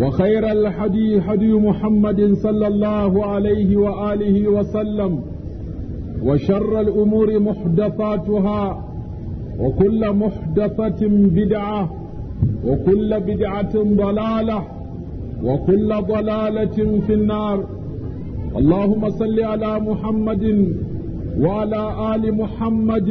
وخير الحدي حدي محمد صلى الله عليه وآله وسلم وشر الأمور محدثاتها وكل محدثة بدعة وكل بدعة ضلالة وكل ضلالة في النار اللهم صل على محمد وعلى آل محمد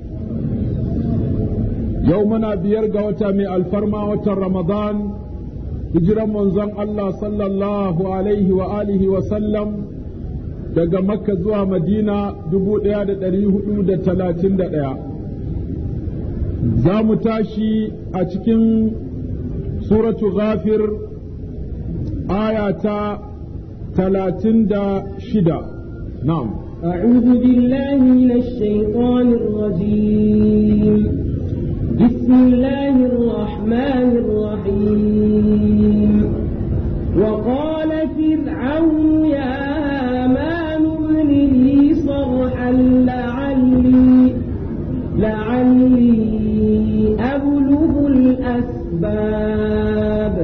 yau muna biyar ga wata mai alfarma watan ramadan hijiran manzon Allah sallallahu alaihi wa alihi wa sallam daga makka zuwa madina dubu daya da dari hudu da talatin da daya za mu tashi a cikin suratu ghafir aya ta talatin da shida na'am أعوذ بالله من الشيطان الرجيم بسم الله الرحمن الرحيم وقال فرعون يا هامان ابن لي صرحا لعلي لعلي أبلغ الأسباب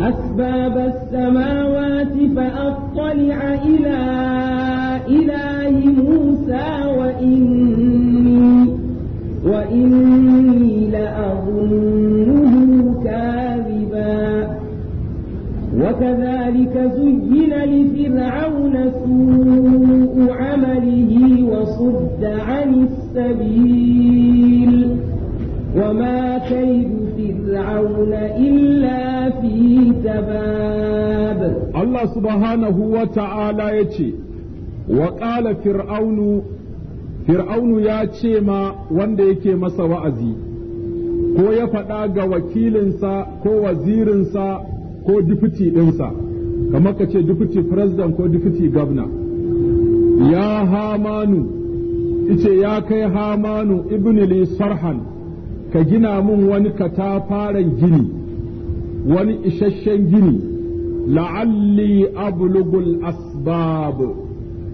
أسباب السماوات فأطلع إلى إله موسى وإني وإني وكذلك زين لفرعون سوء عمله وصد عن السبيل وما كيد فرعون إلا في تباب الله سبحانه وتعالى يتي وقال فرعون فرعون يا ما وندي مسا وأزي ko ya faɗa ga wakilinsa ko wazirinsa ko difiti ɗinsa kamar ka ce difiti president ko difiti gabna ya hamanu ice ya kai hamanu ibnili sarhan ka gina mun wani katafaren gini wani isasshen gini la'alli ablugul asbab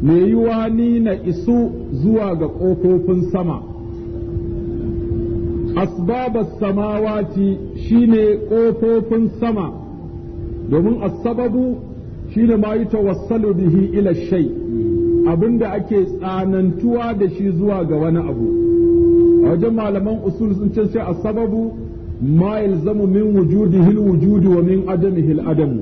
me yiwa ni na isu zuwa ga ƙofofin sama asbabar samawati shine ƙofofin sama domin asababu sababu shine ma yatawassalu bihi ila abin abinda ake tsanantuwa da shi zuwa ga wani abu a wajen malaman usul sun ce sai asababu sababu ma yalzamu min wujudihi al wa min adamihi al-adam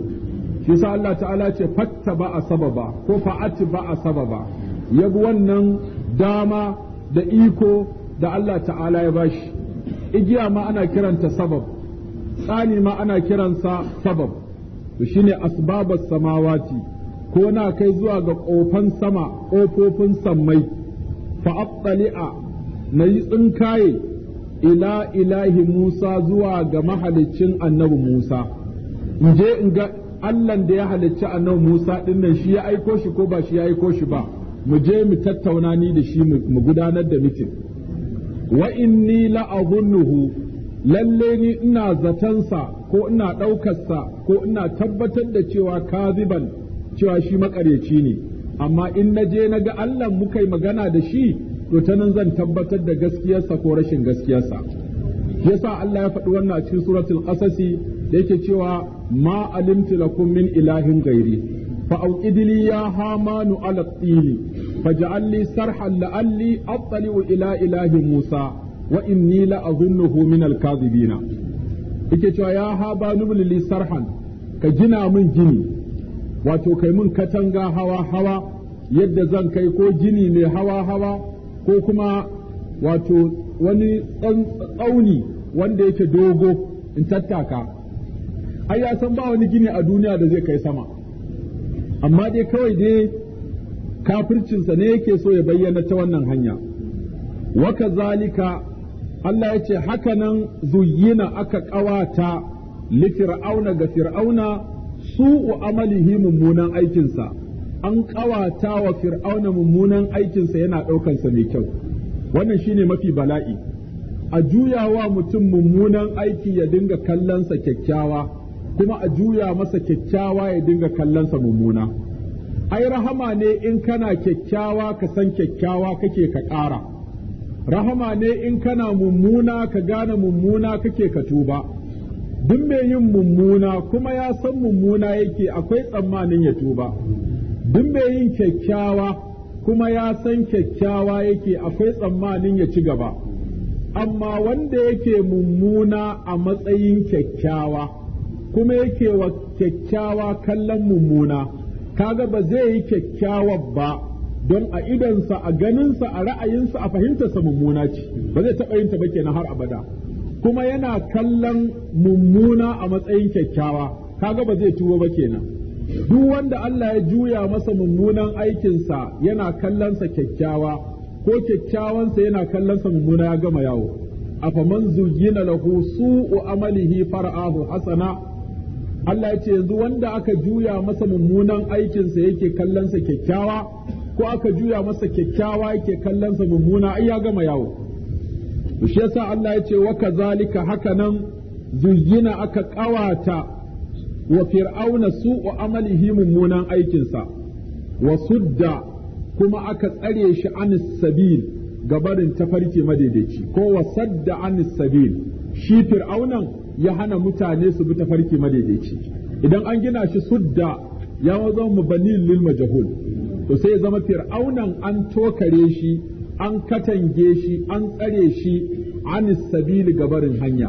shi sa Allah ta'ala ce fatta a sababa ko fa'ati ba a yabi wannan dama da iko da Allah ta'ala ya bashi igiya ma ana kiranta sabab tsani ma ana kiransa sabab to ne asbabas samawati ko na kai zuwa ga ƙofan sama ƙofofin sammai fa’aɓɓali’a na yi tsinkaye ila ilahi Musa zuwa ga mahalicin annabi Musa in je in ga Allahn da ya halicci annabi Musa dinnan shi ya aiko shi ko ba shi ya aiko shi ba mu je mu tattauna ni da shi mu gudanar da mitin wa inni la lalle ni ina zatansa ko ina ɗaukarsa ko ina tabbatar da cewa kaziban cewa shi makaryaci ne amma in na je na ga Allah muka yi magana da shi to ta nan zan tabbatar da gaskiyarsa ko rashin gaskiyarsa yasa Allah ya faɗi wannan cikin suratul qasasi da yake cewa ma alimtu lakum min ilahin gairi fa auqidli ya hamanu ala tini faj'alni sarhan la'alli attali'u ila ilahi musa wa inni la min al-kadhibina yake cewa ya haba nubulili sarhan ka gina min gini wato kai min katanga hawa hawa yadda zan kai ko gini mai hawa hawa ko kuma wato wani tsauni wanda yake dogo in tattaka ai ya san ba wani gini a duniya da zai kai sama amma dai kawai dai kafircinsa ne yake so ya bayyana ta wannan hanya wa kazalika Allah ya ce haka nan zuyina aka ƙawata li fir'auna ga fir'auna su'u amalihi mummunan aikinsa an ƙawata wa fir'auna mummunan aikinsa yana ɗaukansa mai kyau wannan shine mafi bala'i a juyawa mutum mummunan aiki ya dinga kallonsa kyakkyawa kuma a juya masa kyakkyawa ya dinga kallonsa mummuna ai rahama ne in kana kyakkyawa ka san kyakkyawa kake ka ƙara rahama ne in kana mummuna ka gane mummuna kake ka tuba duk mai yin mummuna kuma ya san mummuna yake akwai tsammanin ya tuba duk mai yin kyakkyawa kuma ya san kyakkyawa yake akwai tsammanin ya ci gaba amma wanda yake mummuna a matsayin kyakkyawa kuma yake wa kyakkyawa kallon mummuna kaga ba zai yi kyakkyawa ba don a idonsa, a ganinsa a ra'ayinsa a fahimtarsa mummuna ce ba zai taɓa yin ta ba kenan har abada kuma yana kallon mummuna a matsayin kyakkyawa kaga ba zai tuwo ba kenan duk wanda Allah ya juya masa mummunan aikinsa yana kallonsa kyakkyawa ko kyakkyawansa yana kallonsa mummuna ya gama yawo A afaman zurgina lahu su'u amalihi far'ahu hasana Allah ya ce yanzu wanda aka juya masa mummunan aikinsa yake kallonsa kyakkyawa ko aka juya masa kyakkyawa yake kallon sa mummuna ai ya gama yawo to shi yasa Allah ya ce wa kazalika haka nan zuyyina aka kawata wa fir'auna su'u amalihi mummunan aikinsa wa sudda kuma aka tsare shi anis sabil gabarin tafarki madaidaici ko wa sadda anis sabil shi fir'aunan ya hana mutane su bi tafarki madaidaici idan an gina shi sudda ya zama mubanin lil majhul to sai ya zama fir'aunan an tokare shi an katange shi an tsare shi anis sabili gabarin hanya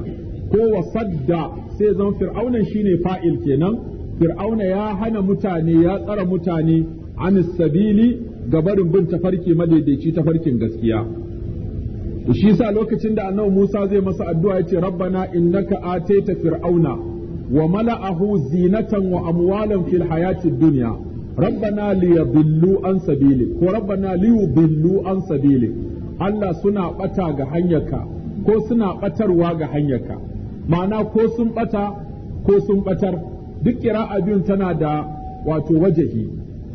ko sadda sai ya zama fir'aunan shine fa'il kenan fir'auna ya hana mutane ya tsara mutane anis sabili gabarin bin tafarki madaidaici tafarkin gaskiya shi sa lokacin da annabi Musa zai masa addu'a yace rabbana innaka ataita fir'auna wa mala'ahu zinatan wa amwalan fil hayatid dunya rabbana liyadillu an sabili ko rabbana liyudillu an sabili Allah suna bata ga hanyarka ko suna batarwa ga hanyarka ma'ana ko sun bata ko sun batar duk kira'a biyun tana da wato wajahi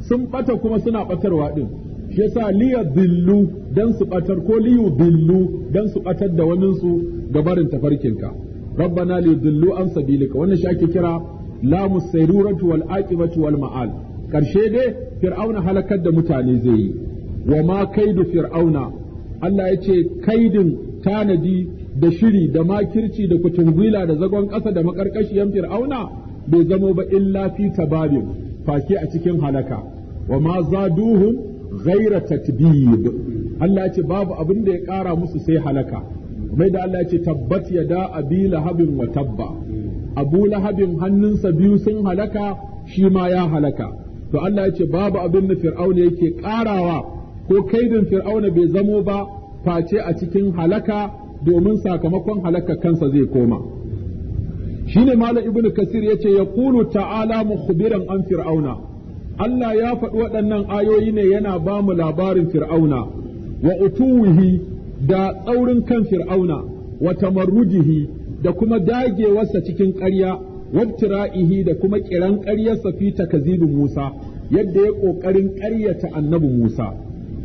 sun bata kuma suna batarwa din shi yasa liyadillu dan su batar ko liyudillu dan su batar da waninsu ga barin tafarkinka rabbana liyudillu an sabilika wannan shi ake kira lamu sayruratu wal aqibatu wal ma'al ƙarshe dai fir'auna halakar da mutane zai yi wa ma kaidu fir'auna Allah ya ce kaidin tanadi da shiri da makirci da gwila da zagon ƙasa da maƙarƙashiyan fir'auna bai zamo ba illa fi tabarin fake a cikin halaka wa ma zaduhum ghaira tatbib Allah ya ce babu abin da ya ƙara musu sai halaka mai da Allah ya ce tabbat yada abi lahabin wa tabba abu lahabin hannunsa biyu sun halaka shi ma ya halaka to Allah ya ce babu abin da fir'auna yake karawa ko kaidin fir'auna bai zamo ba face a cikin halaka domin sakamakon halaka kansa zai koma shine malam ibnu kasir yace yaqulu ta'ala mukhbiran an fir'auna Allah ya faɗi waɗannan ayoyi ne yana ba mu labarin fir'auna wa utuwihi da tsaurin kan fir'auna wa tamarrujihi da kuma dagewarsa cikin ƙarya wabtira'ihi da kuma kiran ƙaryarsa fi takazibin Musa yadda ya ƙoƙarin ƙaryata annabi Musa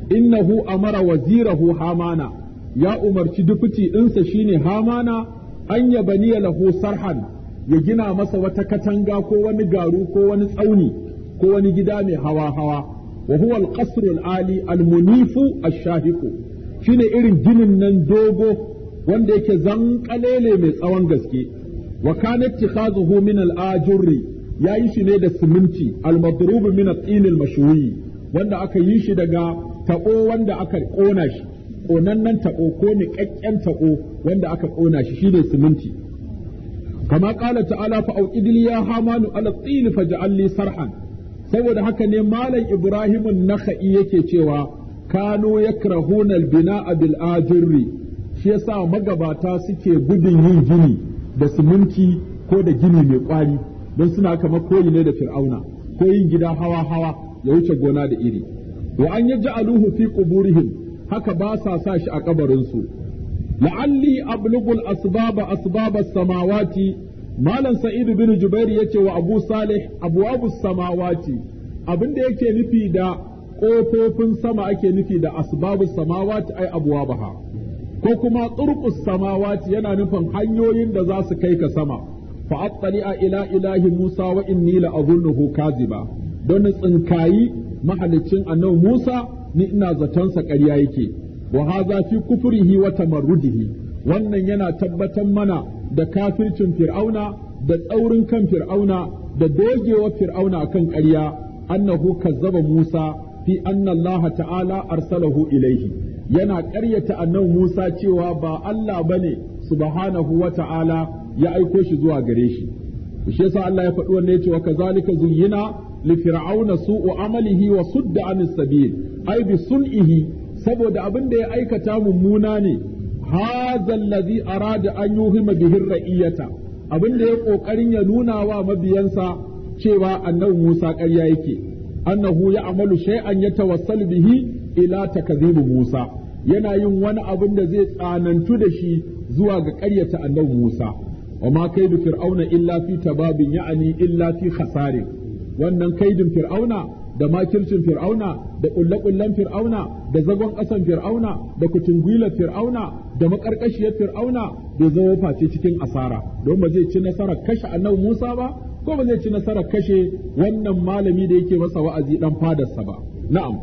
innahu amara wazirahu Hamana ya umarci dufuti ɗinsa shine Hamana an ya lahu sarhan ya gina masa wata katanga ko wani garu ko wani tsauni ko wani gida mai hawa hawa wa huwa al-qasr al-ali al-munifu ash-shahiqu shine irin ginin nan dogo wanda yake zanƙalele mai tsawon gaske wa kana min al-ajurri yayi shi ne da siminti al-madrub min at-tin al wanda aka yi shi daga tabo wanda aka kona shi konannen tabo ko niƙaƙƙen taɓo wanda aka ƙona shi shine siminti kama qala ta'ala fa auqidli ya hamanu ala at-tin faj'al li sarhan saboda haka ne malam ibrahimun nakhai yake cewa kano yakrahuna al-bina'a bil ajurri shi yasa magabata suke gudun yin gini da siminti ko da gini mai kwari don suna kama koyi ne da fir'auna ko yin gida hawa hawa ya wuce gona da iri wa an yaj'aluhu fi quburihim haka ba sa sa shi a kabarinsu la'alli ablughul asbaba asbaba samawati malam Sa'idu bin jubair yace wa abu salih abwabu samawati abin da yake nufi da ƙofofin sama ake nufi da asbabu samawati ay abwabaha ko kuma turqus samawati yana nufin hanyoyin da za su kai ka sama fa a ila ilahi Musa wa inni la azunnuhu kaziba don tsinkayi mahalicin annabi Musa ni ina sa ƙarya yake wa hadha fi kufrihi wa tamarrudihi wannan yana tabbatar mana da kafircin fir'auna da tsaurin kan fir'auna da dogewa fir'auna akan ƙarya annahu kazzaba Musa fi anna ta'ala ta'ala arsalahu ilaihi yana ƙaryata annabi Musa cewa ba Allah bane subhanahu wata'ala ya aiko shi zuwa gare shi shi yasa Allah ya faɗi wannan yace wa kazalika zuyyina li fir'auna su'u amalihi wa sudda anis sabil ai bi sun'ihi saboda abin da ya aikata mummuna ne hadha allazi arada an yuhima bihi ra'iyata abin da ya kokarin ya nuna wa mabiyansa cewa annabi Musa ƙarya yake annahu ya amalu shay'an yatawassalu bihi ila takazibu Musa yana yin wani abin da zai tsanantu da shi zuwa ga ƙaryata annabi Musa wa ma kaidu fir'auna illa fi tababin ya'ani illa fi khasarin wannan kaidin fir'auna da makircin fir'auna da ƙulle-ƙullen fir'auna da zagon ƙasan fir'auna da kutungwilar fir'auna da maƙarƙashiyar fir'auna bai zama face cikin asara don ba zai ci nasarar kashe annabi Musa ba ko ba zai ci nasarar kashe wannan malami da yake masa wa'azi dan fadarsa ba na'am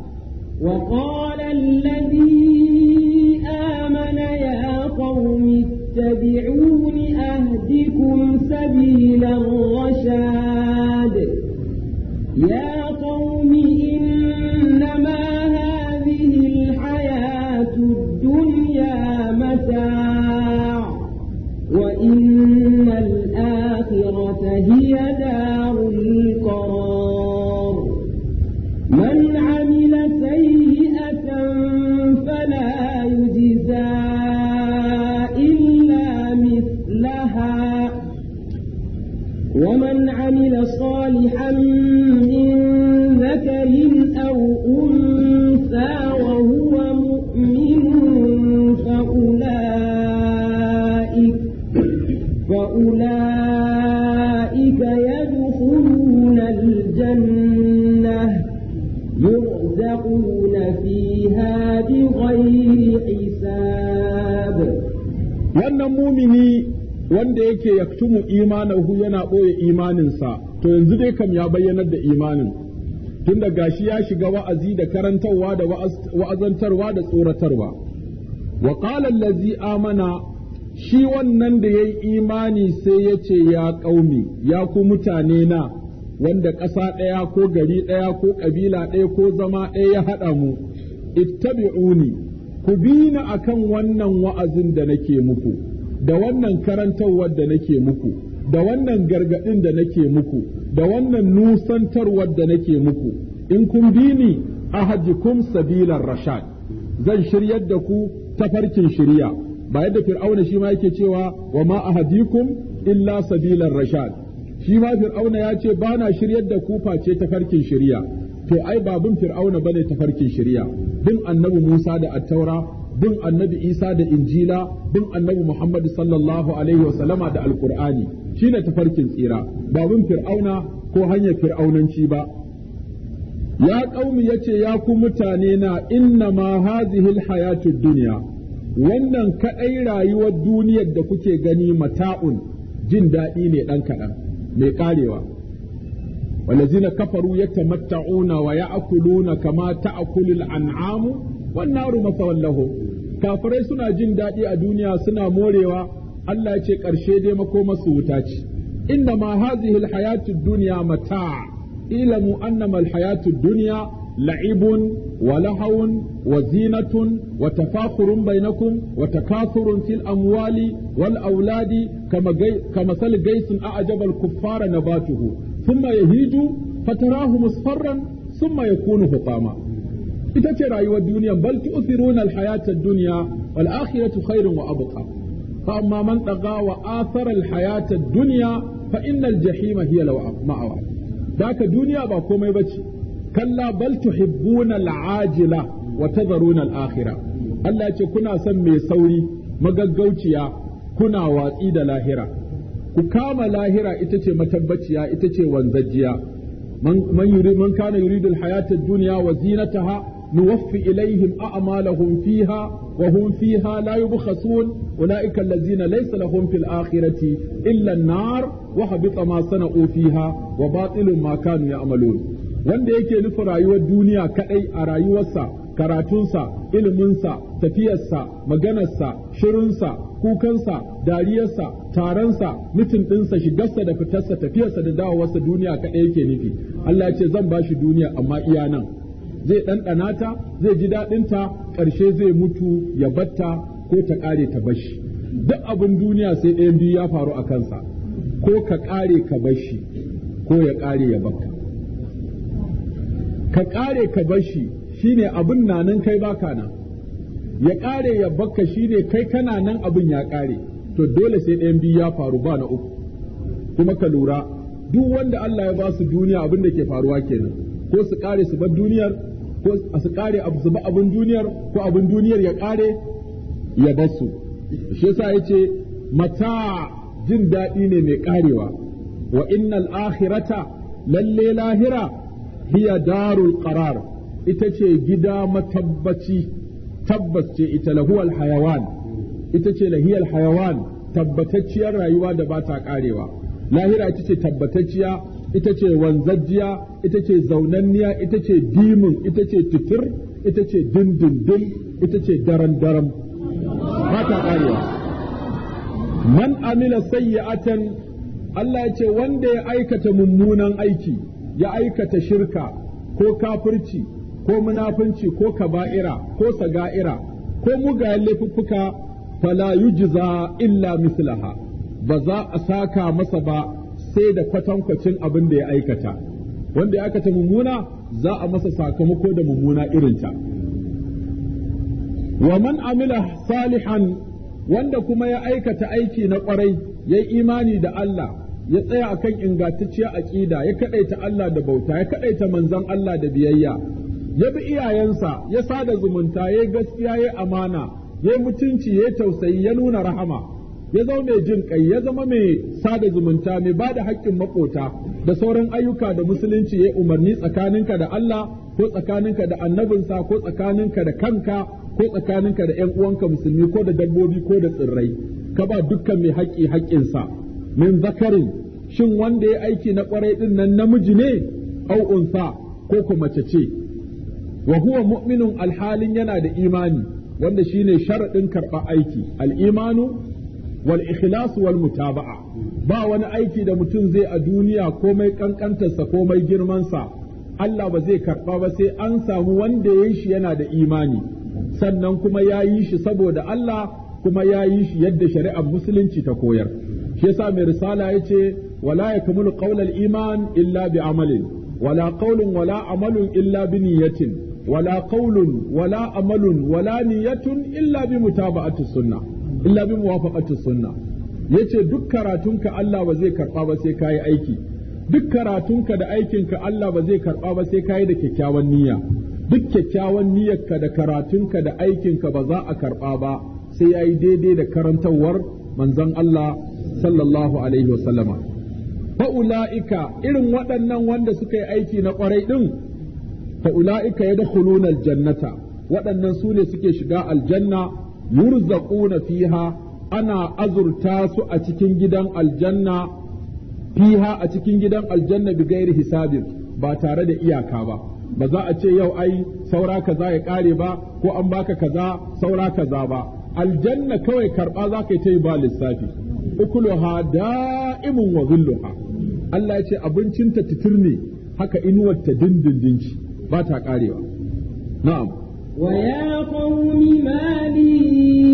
وقال الذي آمن يا قوم اتبعون أهدكم سبيل الرشاد يا قوم إنما هذه الحياة الدنيا متاع وإن الآخرة هي mumini wanda yake yaktumu imanahu yana ɓoye imaninsa to yanzu dai kam ya bayyanar da imanin tunda gashi ya shiga wa'azi da karantarwa da wa'azantarwa da tsoratarwa wa qala allazi amana shi wannan da yayi imani sai yace ya kaumi ya ku mutane na wanda ƙasa ɗaya ko gari ɗaya ko ƙabila ɗaya ko zama ɗaya ya haɗa mu ittabi'uni ku bi ni akan wannan wa'azin da nake muku da wannan karantarwar da nake muku da wannan gargaɗin da nake muku da wannan nusantarwar da nake muku in kun bi ni ahadikum sabilar rashad zan shiryar da ku ta farkin shirya ba yadda fir'auna shi ma yake cewa wa ma ahadikum illa sabilar rashad shi ma fir'auna ya ce ba na shiryar da ku face farkin shiriya to ai babun fir'auna bane ta farkin shirya bin annabi Musa da attaura bin annabi isa da injila bin annabi muhammad sallallahu alaihi wa sallama da alqur'ani shine tafarkin tsira ba bin fir'auna ko hanyar fir'aunanci ba ya ya yace ya ku mutane na inna ma hazihil alhayatud dunya wannan kaɗai rayuwar duniyar da kuke gani mata'un jin daɗi ne ɗan kaɗan mai ƙarewa ya كفروا wa ويأكلون kama ta'kulul an'amu wannan aru masawallahu kafirai suna jin daɗi a duniya suna morewa Allah ya ce ƙarshe dai makoma su wuta ce inna ma hazihi alhayatu dunya mata ilamu annama alhayatu dunya la'ibun wa lahawun wa zinatun wa tafakhurun bainakum wa takathurun fil amwali wal auladi kama kama sal gaisin a'jaba al-kuffara nabatuhu thumma yahiju fatarahu musfarran thumma yakunu hutama ita ce rayuwar duniya bal tu'thiruna al-hayata ad-dunya wal akhiratu khairun wa abqa fa amma man daga wa athara al-hayata ad-dunya fa innal jahima hiya law ma'awa daka duniya ba komai bace kalla bal tuhibbuna al-ajila wa tadharuna al akhira. Allah ce kuna son mai sauri magaggauciya kuna watsi da lahira ku kama lahira ita ce matabbaciya ita ce wanzajiya? man man yuri man kana yuridu al-hayata ad نوفي إليهم أعمالهم فيها وهم فيها لا يبخسون أولئك الذين ليس لهم في الآخرة إلا النار وحبط ما صنعوا فيها وباطل ما كانوا يعملون wanda yake nufa rayuwar duniya kadai a rayuwarsa karatunsa iliminsa tafiyarsa maganarsa shirinsa kukansa dariyarsa taronsa mutum ɗinsa shigarsa da fitarsa tafiyarsa da dawowarsa duniya kadai yake nufi Allah ce zan ba shi duniya amma iya nan zai ɗanɗana ta zai ji daɗinta, ƙarshe zai mutu ya batta ko ta ƙare ta bashi duk abin duniya sai ɗayan biyu ya faru a kansa ko ka ƙare ka bashi ko ya ƙare ya bakka ka ƙare ka bashi shine abin na nan kai baka nan ya ƙare ya bakka shine kai kana nan abin ya ƙare to dole sai ɗayan biyu ya faru ba na uku kuma ka lura duk wanda Allah ya ba su duniya abin da ke faruwa kenan ko su ƙare su bar duniyar ko su kare abu su abin duniyar ko abin duniyar ya kare ya dasu. shi yasa yace mata jin daɗi ne mai karewa wa innal akhirata lalle lahira hiya darul qarar ita ce gida matabbaci tabbas ce ita lahuwal hayawan ita ce lahiyal hayawan tabbatacciyar rayuwa da ba ta karewa lahira ita ce tabbatacciya ita ce wanzajjiya ita ce zaunanniya ita ce dimin ita ce titir ita ce dindindin ita ce daren daren ba ta man amila sayyi'atan Allah ya ce wanda ya aikata mummunan aiki ya aikata shirka ko kafirci ko munafunci ko kaba'ira ko saga'ira ko mugayen laifuffuka fala yujza illa mislaha ba za a saka masa ba sai da kwatankwacin abin da ya aikata wanda ya aikata mummuna za a masa sakamako da mummuna irinta wa man amila salihan wanda kuma ya aikata aiki na kwarai ya imani da Allah ya tsaya akan ingantacciyar aƙida ya kaɗaita Allah da bauta ya kaɗaita manzon Allah da biyayya ya bi iyayensa ya sada zumunta ya gaskiya ya amana ya mutunci ya tausayi ya nuna rahama ya zama mai jin kai ya zama mai sada zumunta mai ba da haƙƙin makota da sauran ayyuka da musulunci ya umarni tsakaninka da Allah ko tsakaninka da annabinsa ko tsakaninka da kanka ko tsakaninka da 'yan uwanka musulmi ko da dabbobi ko da tsirrai ka ba dukkan mai haƙƙi haƙƙinsa min zakarin shin wanda ya aiki na ƙwarai din nan namiji ne au unsa ko kuma mace ce wa huwa mu'minun alhalin yana da imani wanda shine sharaɗin karɓar aiki al'imanu? wal ikhlas wal mutaba'a ba wani aiki da mutum zai a duniya komai kankantarsa komai girmansa Allah ba zai karɓa ba sai an samu wanda ya yi shi yana da imani sannan kuma ya yi shi saboda Allah kuma ya yi shi yadda shari'ar musulunci ta koyar shi yasa mai risala ya ce wala yakmulu qawlal iman illa bi amalin wala qawlun wala amalun illa bi niyyatin wala qawlun wala amalun wala niyyatun illa bi mutaba'ati sunna. illa bi muwafaqati sunna yace duk karatunka Allah ba zai karba ba sai kai aiki duk karatunka da aikinka Allah ba zai karba ba sai kai da kyakkyawan niyya duk kyakkyawan niyyarka da karatunka da aikinka ba za a karba ba sai yayi daidai da karantawar manzon Allah sallallahu alaihi wasallama fa'ula'ika irin waɗannan wanda suka yi aiki na ƙwarai ɗin fa'ula'ika ya da jannata waɗannan su ne suke shiga aljanna yurzaquna fiha ana azurta su a cikin gidan aljanna fiha a cikin gidan aljanna bi gairi hisabin ba tare da iyaka ba ba za a ce yau ai saura kaza ya kare ba ko an baka kaza saura kaza ba aljanna kawai karba za ka yi ta yi ba lissafi ukuluha da'imun wa zulluha Allah ya ce abincinta titir ne haka inuwar ta dindindinci ba ta karewa na'am ويا قوم ما لي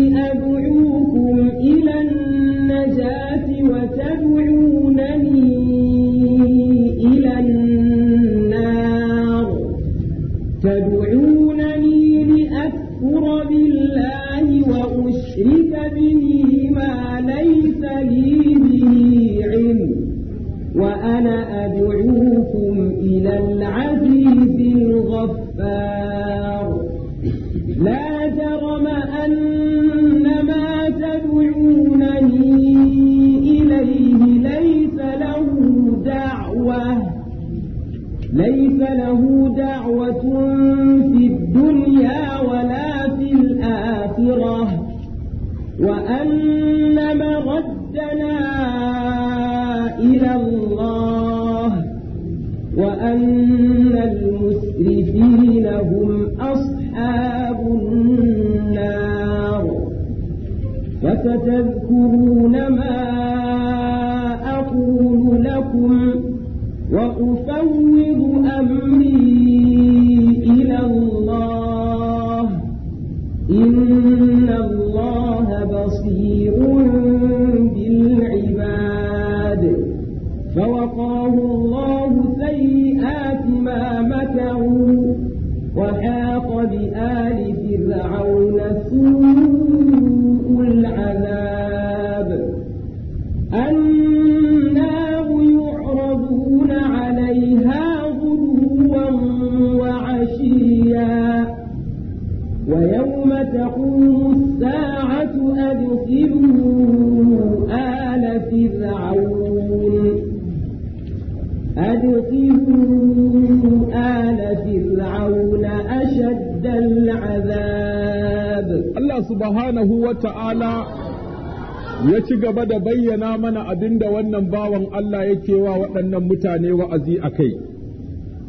ya ci gaba da bayyana mana abin da wannan bawan Allah yake wa waɗannan mutane wa'azi a kai,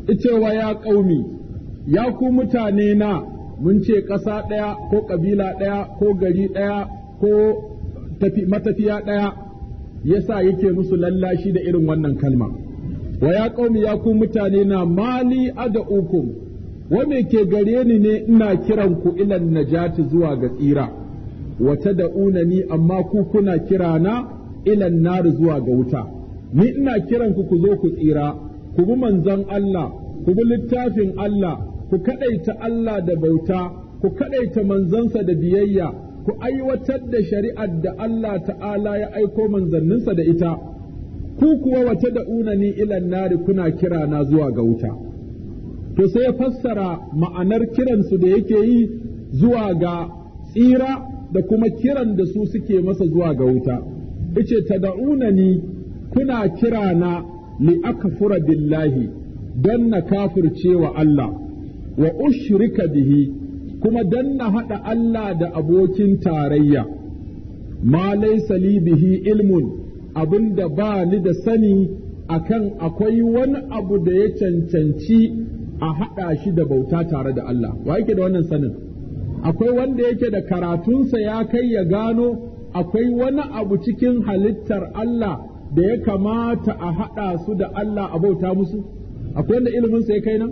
icewa ya ƙaumi, ya ku mutane na mun ce ƙasa ɗaya ko ƙabila ɗaya ko gari ɗaya ko matafiya ɗaya ya yasa yake musu lallashi da irin wannan kalma. Wa ya ƙaumi ya ku mutane na mali ada ukum, wa ke gare ni ne ina kiran ku ilan najati zuwa ga tsira. Wata da unani amma ku kuna kirana ilan nar zuwa ga wuta ni ina kiran ku ku zo ku tsira ku bi manzon Allah ku bi littafin Allah ku kadaita Allah da bauta ku kadaita manzansa da biyayya ku aiwatar da shari'ar da Allah ta'ala ya aiko manzanninsa da ita ku kuwa wata da unani ilan nari kuna kirana zuwa ga wuta to sai ya fassara ma'anar kiransu da yake yi zuwa ga tsira da kuma kiran da su suke masa zuwa ga wuta ice tada'unani kuna kira na li akfura billahi don na kafirce wa Allah wa ushrika bihi kuma don na haɗa Allah da abokin tarayya ma laysa li bihi ilmun abinda ba ni da sani akan akwai wani abu da ya cancanci a haɗa shi da bauta tare da Allah wa yake da wannan sanin akwai wanda yake da karatunsa ya kai ya gano akwai wani abu cikin halittar Allah da ya kamata a haɗa su da Allah a bauta musu akwai wanda iliminsa ya kai nan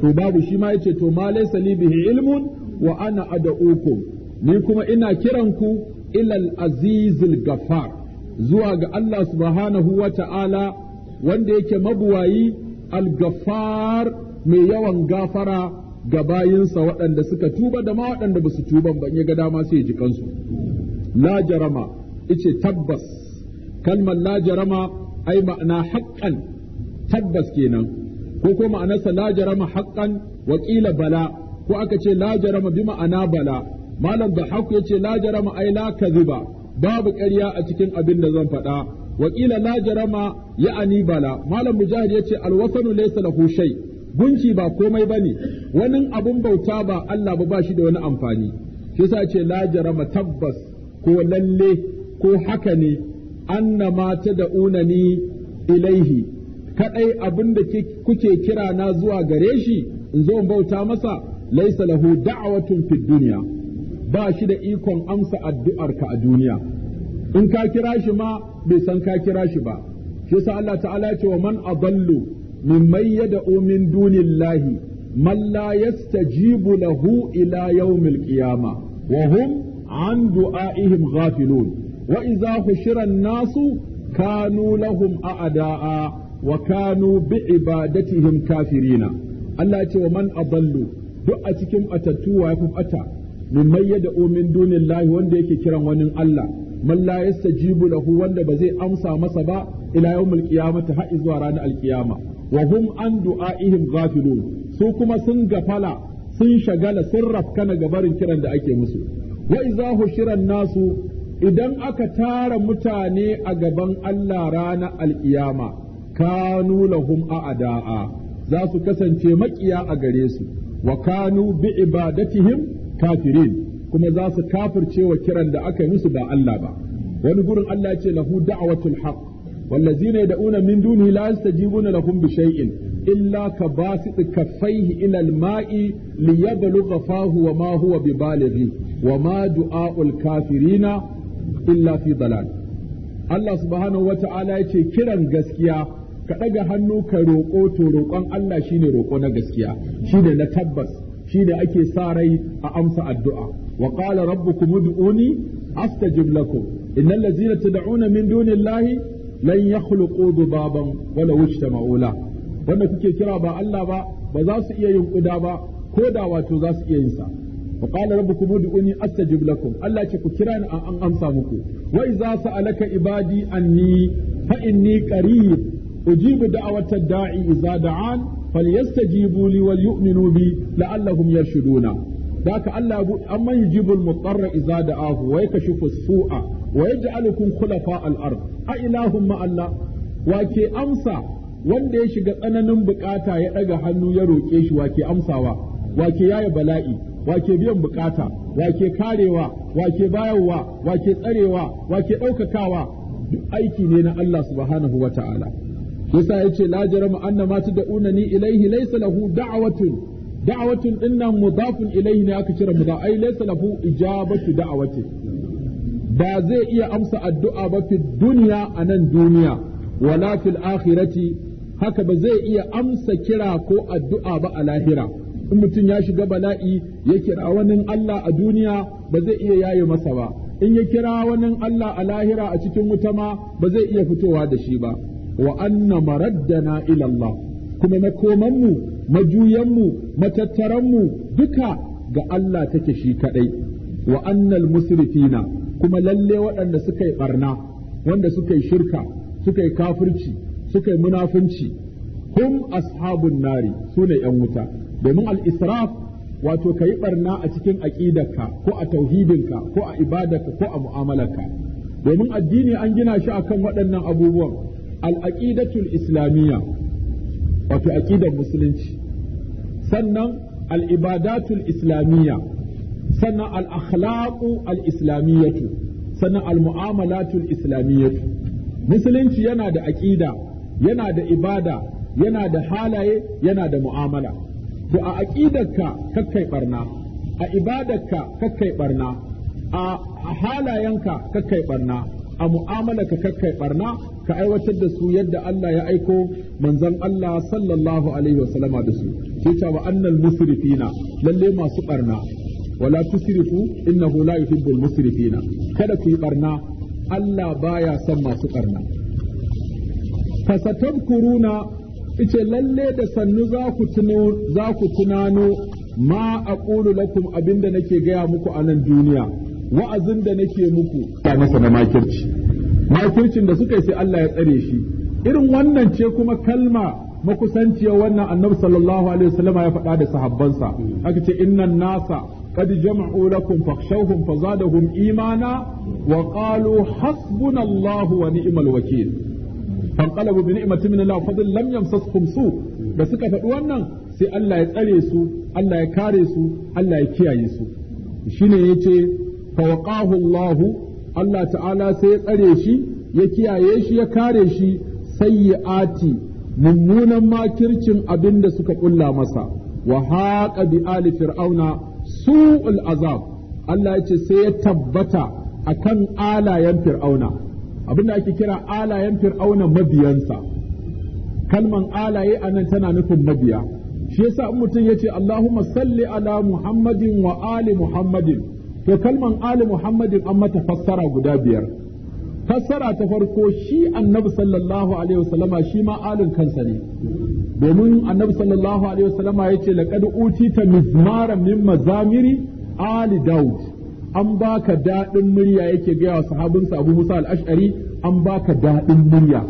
to babu shi ma yace to ma laysa li bihi ilmun wa ana ad'ukum ni kuma ina kiran ku ilal azizil gafar zuwa ga Allah subhanahu wa ta'ala wanda yake mabuwayi al-gafar mai yawan gafara ga bayinsa waɗanda suka tuba da ma waɗanda ba su tuba ban ga dama sai jikansu. ji kansu la jarama ice tabbas kalmar la jarama ai ma'ana haƙƙan tabbas kenan ko ko ma'anarsa la jarama haƙƙan wakila bala ko aka ce la jarama bi ma'ana bala malam da haku ya ce la jarama ai la kaziba babu ƙarya a cikin abin da zan faɗa wakila la jarama ya'ani bala malam mujahid ya ce alwasanu laysa lahu shay' Gunci ba komai ba ne wani abun bauta ba Allah ba ba shi da wani amfani shi sa ce lajarama tabbas ko lalle ko haka ne annama ta unani ilaihi Kaɗai abin da kuke kira na zuwa gare shi in zo bauta masa laisa lahu da'watun fid duniya ba shi da ikon amsa addu'arka a duniya in ka kira shi ma bai san ka kira shi ba shi sa Allah ta'ala ce wa man adallu mimman da min dunillahi man la yastajibu lahu ila yawmil qiyama wa an du'aihim ghafilun wa idza hushira an-nasu kanu lahum a'da'a wa kanu bi'ibadatihim kafirina Allah ya ce wa man aballu duk a cikin atattuwa ya fi bata da yad'u min dunillahi wanda yake kiran wani Allah man la lahu wanda ba zai amsa masa ba ila yawmil qiyamati har zuwa ranar alkiyama wa hum an du'a'ihim ghafilun su kuma sun gafala sun shagala sun rafkana gabarin kiran da ake musu wa idza hushira nasu idan aka tara mutane a gaban Allah rana alkiyama kanu lahum a'da'a za su kasance makiya a gare su wa kanu bi ibadatihim kafirin kuma za su kafirce wa kiran da aka yi musu ba Allah ba wani gurin Allah ya ce lahu da'watul haqq والذين يدعون من دونه لا يستجيبون لهم بشيء إلا كباسط كفيه إلى الماء ليبلغ فاه وما هو ببالغه وما دعاء الكافرين إلا في ضلال Allah subhanahu wa ta'ala ya ce kiran gaskiya ka ɗaga hannu ka roƙo to roƙon Allah shine roƙo na gaskiya shine na tabbas shine ake sa rai a amsa addu'a wa qala rabbukum ud'uni astajib lakum innal ladzina tad'una min lan yakhluqu dubaban wala wujtama'u la wanda kuke kira ba Allah ba ba za su iya yin kuda ba ko da wato za su iya yin sa wa qala rabbukum ud'uni astajib lakum Allah ce ku kira ni an amsa muku wa idza sa'alaka ibadi anni fa inni qarib ujibu da'wata da'i idza da'an falyastajibu li wal yu'minu bi la'allahum yarshuduna da haka Allah amma yujibul mutarra da ahu wa yakashifu su'a wa yaj'alukum khulafa al-ard a ilahun ma Allah wa ke amsa wanda ya shiga tsananin bukata ya daga hannu ya roke shi wa ke amsawa wa ke yaya bala'i wa ke biyan bukata wa ke karewa wa ke bayarwa wa ke tsarewa wa ke daukakawa duk aiki ne na Allah subhanahu wa ta'ala yasa yace la jarama anna ma tad'unani ilayhi laysa lahu da'watun da'awatun ɗinnan mudafun ilayhi ne aka cire mudaf ai laysa lahu ijabatu da'awati ba zai iya amsa addu'a ba fi duniya a nan duniya wala fil ahiraci. haka ba zai iya amsa kira ko addu'a ba a lahira in mutum ya shiga bala'i ya kira wani Allah a duniya ba zai iya yaye masa ba in ya kira wani Allah a lahira a cikin wuta ma ba zai iya fitowa da shi ba wa anna maraddana ilallah kuma makomanmu majuyanmu matattaranmu duka ga Allah take shi kadai wa annal musrifina kuma lalle waɗanda suka yi barna wanda suka yi shirka suka yi kafirci suka yi munafunci hum ashabun nari su ne ‘yan wuta domin al'israf wato ka yi barna a cikin aƙidarka ko a tauhidinka ko a ibadarka ko a mu'amalarka domin addini an gina shi akan waɗannan abubuwan al'aƙidatul islamiyya wato aqidar musulunci sannan al-ibadatul islamiyya sannan al al'islamiyyatu al-islamiyyatu sannan al-mu'amalatul islamiyyatu musulunci yana da aqida yana da ibada yana da halaye yana da mu'amala to a aqidarka kakkai barna a ibadarka kakkai barna a halayenka kakkai barna a mu'amalarka kakkai barna ka aiwatar da su yadda Allah ya aiko manzon Allah sallallahu alaihi wasallama da su sai ta wa annal musrifina lalle masu barna wala tusrifu innahu la yuhibbul musrifina kada ku yi barna Allah baya son masu barna fasatabkuruna ice lalle da sannu za ku tuno za ku tunano ma aqulu lakum abinda nake gaya muku a nan duniya wa'azin da nake muku ta masa na makirci makircin da suka yi sai Allah ya tsare shi irin wannan ce kuma kalma makusanciya wannan annabi sallallahu alaihi wasallama ya faɗa da sahabbansa aka ce innan nasa قد جمعوا لكم فاخشوهم فزادهم إيمانا وقالوا حسبنا الله ونعم الوكيل فانقلبوا بنعمة من الله فضل لم يمسسكم سوء بس كفا وانا سي الله يتأليسوا الله يكاريسوا الله يكيايسوا شنو يتي فوقاه الله Allah ta'ala sai ya tsare shi ya kiyaye shi ya kare shi sai ya ati. mummunan makircin abin da suka kulla masa wa haƙa bi ali fir'auna su'ul azab Allah ya ce sai ya tabbata akan alayen fir'auna abinda ake kira alayen fir'auna mabiyansa kalman alaye anan tana nufin mabiya shi yasa mutum yace Allahumma salli ala Muhammadin wa ali Muhammadin to kalman ali muhammadin an mata fassara guda biyar fassara ta farko shi annabi sallallahu alaihi wasallama shi ma alin kansa ne domin annabi sallallahu alaihi wasallama ya ce laqad utita min mazamiri ali daud an baka dadin murya yake gaya wa sahabinsa abu musa al-ash'ari an baka dadin murya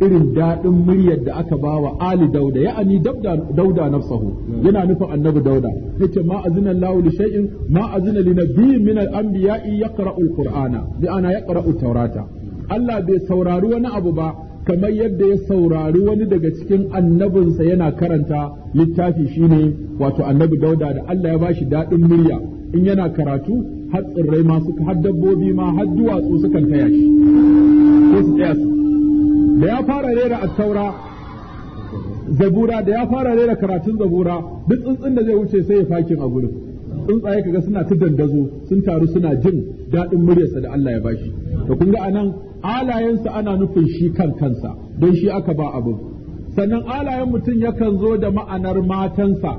irin daɗin muryar da aka ba wa Ali Dauda ya ani Dauda nafsahu yana nufin annabi Dauda yace ma azina Allahu li shay'in ma azina li nabiyyin min al-anbiya'i yaqra'u al-Qur'ana bi ana yaqra'u Taurata Allah bai saurari wani abu ba kamar yadda ya saurari wani daga cikin annabinsa yana karanta littafi shine wato annabi Dauda da Allah ya bashi daɗin murya in yana karatu har tsirrai ma suka har dabbobi ma har duwatsu sukan taya shi ko su tsaya su da ya fara rera attaura zabura da ya fara rera karatun zabura duk tsuntsun da zai wuce sai ya fakin a gurin tsuntsaye kaga suna ta dandazo sun taru suna jin daɗin muryarsa da Allah ya bashi to kun ga anan alayensa ana nufin shi kan kansa don shi aka ba abin sannan alayen mutum yakan zo da ma'anar matansa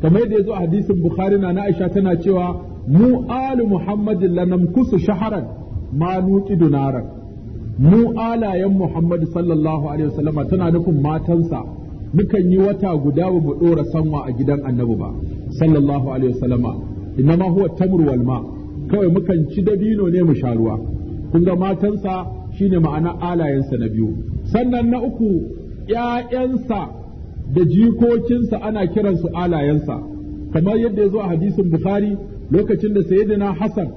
kamar yadda ya zo a hadisin bukhari na aisha tana cewa mu alu muhammadin lanamkusu shaharan ma nuqidu naran mu alayen Muhammadu sallallahu alaihi wasallama tana nufin matansa mukan yi wata guda ba mu ɗora sanwa a gidan annabi ba sallallahu alaihi wasallama ma huwa tamr wal ma kawai mukan ci dabino ne mu sha ruwa kun ga matansa shine ma'ana alayensa na biyu sannan na uku ‘ya'yansa da jikokinsa ana kiransu alayensa kamar yadda ya zo a hadisin bukhari lokacin da sayyidina hassan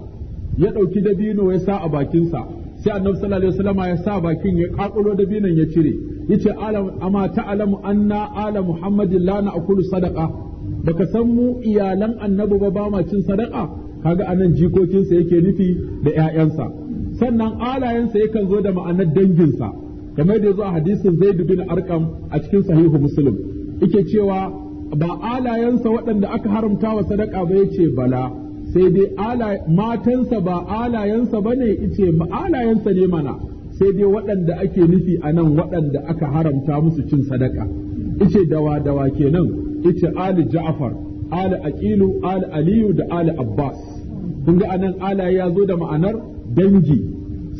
ya ɗauki dabino ya sa a bakinsa sai annabi sallallahu alaihi wasallama ya sa bakin ya kakulo da binan ya cire yace alam amma ta'lamu anna ala muhammadin la na'kulu sadaqa baka san mu iyalan annabi ba ba ma cin sadaqa kaga anan jikokinsa yake nufi da ƴaƴansa sannan alayensa yakan zo da ma'anar danginsa kamar da ya a hadisin zaid bin arqam a cikin sahihu muslim yake cewa ba alayensa waɗanda aka haramta wa sadaka ba yace bala sai dai matansa ba alayensa ba ne ice alayensa ne mana sai dai waɗanda ake nufi a nan waɗanda aka haramta musu cin sadaka ice dawa dawa kenan ice ali ja'far ali aqilu ali aliyu da ali abbas kun ga anan alaye ya zo da ma'anar dangi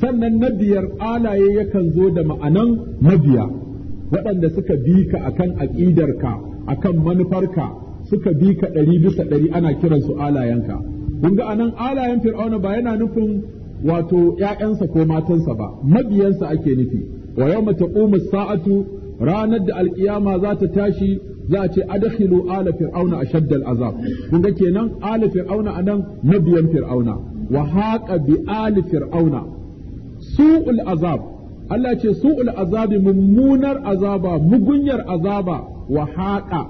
sannan na biyar alaye yakan zo da ma'anan mabiya waɗanda suka bi ka akan aƙidarka akan manufarka suka bi ka ɗari bisa ɗari ana kiransu alayenka kun ga anan alayen fir'auna ba yana nufin wato ‘ya'yansa ko matansa ba, mabiyansa ake nufi, wa yau mata sa'atu ranar da alƙiyama za ta tashi za a ce adakhilu ala fir'auna a shaddal azab. Kun ga kenan ala fir'auna a nan mabiyan fir'auna, wa haƙa bi ali fir'auna. Su'ul azab, Allah ce su'ul azabi mummunar azaba, mugunyar azaba wa haƙa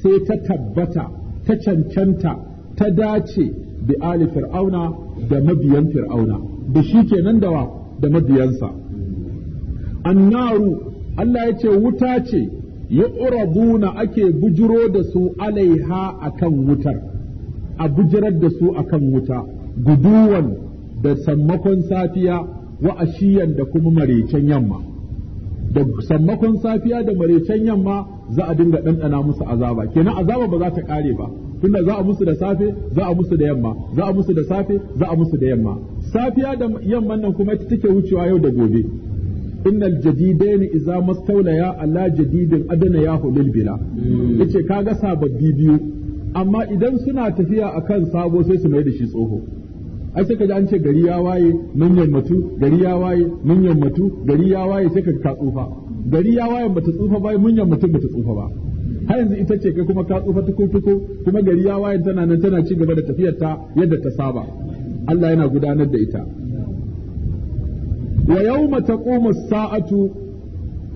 sai ta tabbata, ta cancanta, ta dace, bi ali fir'auna da mabiyan fir'auna da shi kenan dawa da mabiyansa annaru Allah ya ce wuta ce ya urabuna ake bujiro da su alaiha akan wutar a bujirar da su akan wuta guduwan da sammakon safiya wa ashiyan da kuma marecen yamma da sammakon safiya da marecen yamma za a dinga ɗanɗana musu azaba kenan azaba ba za ta ƙare ba tunda za a musu da safe za a musu da yamma za a musu da safe za a musu da yamma safiya da yamman nan kuma ita take wucewa yau da gobe innal jadidain idza mastawlaya ala jadidin adana ya hulil bila hmm. yace kaga sababbi biyu amma idan suna tafiya akan sabo sai su mai da shi tsoho ai sai kaji an ce gari ya waye mun yammatu gari ya waye mun yammatu gari ya waye sai ka tsufa gari ya waye bata tsufa ba mun yammatu bata tsufa ba har yanzu ita ce kai kuma ka tsufa tukutuku kuma gari ya waye tana nan tana ci gaba da tafiyar ta yadda ta saba Allah yana gudanar da ita wa yawma taqumu sa'atu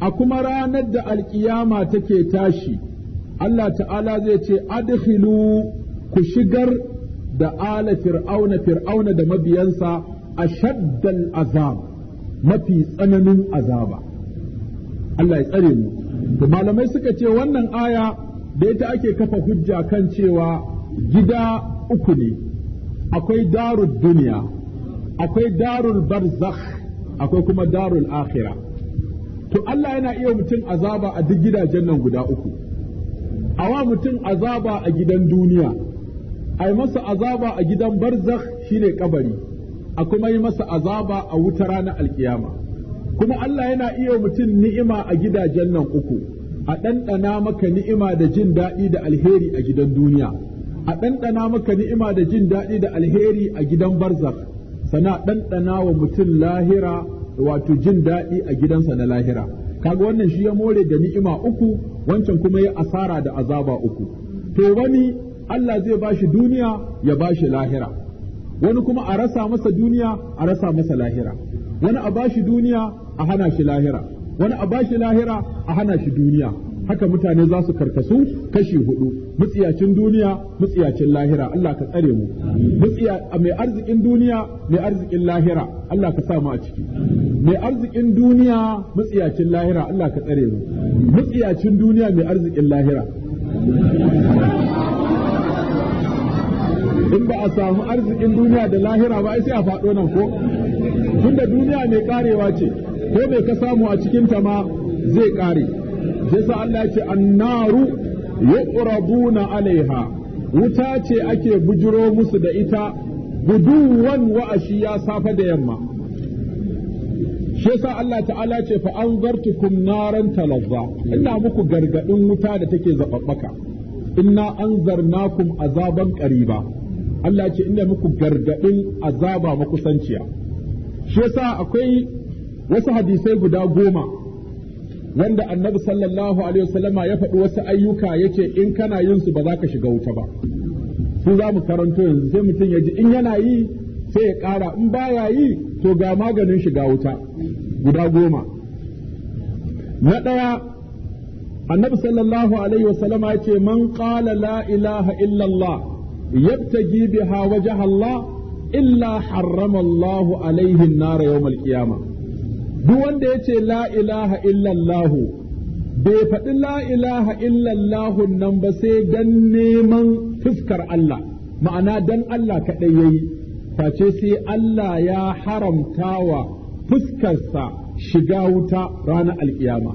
a kuma ranar da alkiyama take tashi Allah ta'ala zai ce adkhilu ku shigar da ala fir'auna fir'auna da mabiyansa ashaddal azab mafi tsananin azaba Allah ya tsare mu to malamai suka ce wannan aya da ita ake kafa hujja kan cewa gida uku ne akwai darul duniya akwai darul barzakh akwai kuma darul akhira to Allah yana iya mutum azaba a duk gidajen nan guda uku awa mutum azaba a gidan duniya ai masa azaba a gidan barzakh shine kabari a kuma yi masa azaba a wuta ranar alkiyama kuma Allah yana iya mutum ni'ima a gidajen nan uku a ɗanɗana maka ni'ima da jin daɗi da alheri a gidan duniya a ɗanɗana maka ni'ima da jin daɗi da alheri a gidan barzak sana ɗanɗana wa mutum lahira wato jin daɗi a gidansa na lahira kaga wannan shi ya more da ni'ima uku wancan kuma ya asara da azaba uku to wani Allah zai bashi duniya ya bashi lahira wani kuma a rasa masa duniya a rasa masa lahira wani a bashi duniya a hana shi lahira wani a bashi lahira a hana shi duniya haka mutane za su karkasu kashi hudu mutsiyacin duniya mutsiyacin lahira Allah ka tsare mu mutsiya mai arzikin duniya mai arzikin lahira Allah ka sa mu a ciki mai arzikin duniya mutsiyacin lahira Allah ka tsare mu mutsiyacin duniya mai arzikin lahira in ba a samu arzikin duniya da lahira ba ai sai a faɗo nan ko tunda duniya mai karewa ce ko mai ka samu a cikin ta ma zai kare sa Allah ya ce annaru yuqrabuna alaiha wuta ce ake bujiro musu da ita guduwan wa ashiya safa da yamma shi sa Allah ta'ala ce fa anzartukum naran talazza ina muku gargadin wuta da take zababbaka inna anzarnakum azaban qariba Allah ce inda muku gargadin azaba makusanciya shi yasa akwai wasu hadisai guda goma wanda annabi sallallahu alaihi wasallama ya faɗi wasu ayyuka yace in kana yin su ba za ka shiga wuta ba su za mu karanto yanzu sai mutum ya ji in yana yi sai ya ƙara in baya yi to ga maganin shiga wuta guda goma na ɗaya annabi sallallahu alaihi wasallama ya ce man ƙala la ilaha illallah yabtaji biha wajha Allah illa harrama Allahu alaihi an-nar qiyamah duk wanda ya ce la ilaha illallahu, bai faɗi la ilaha illallahu nan ba sai dan neman fuskar Allah ma'ana dan Allah kaɗai yayi face sai Allah ya haramtawa fuskarsa shiga wuta ranar alkiyama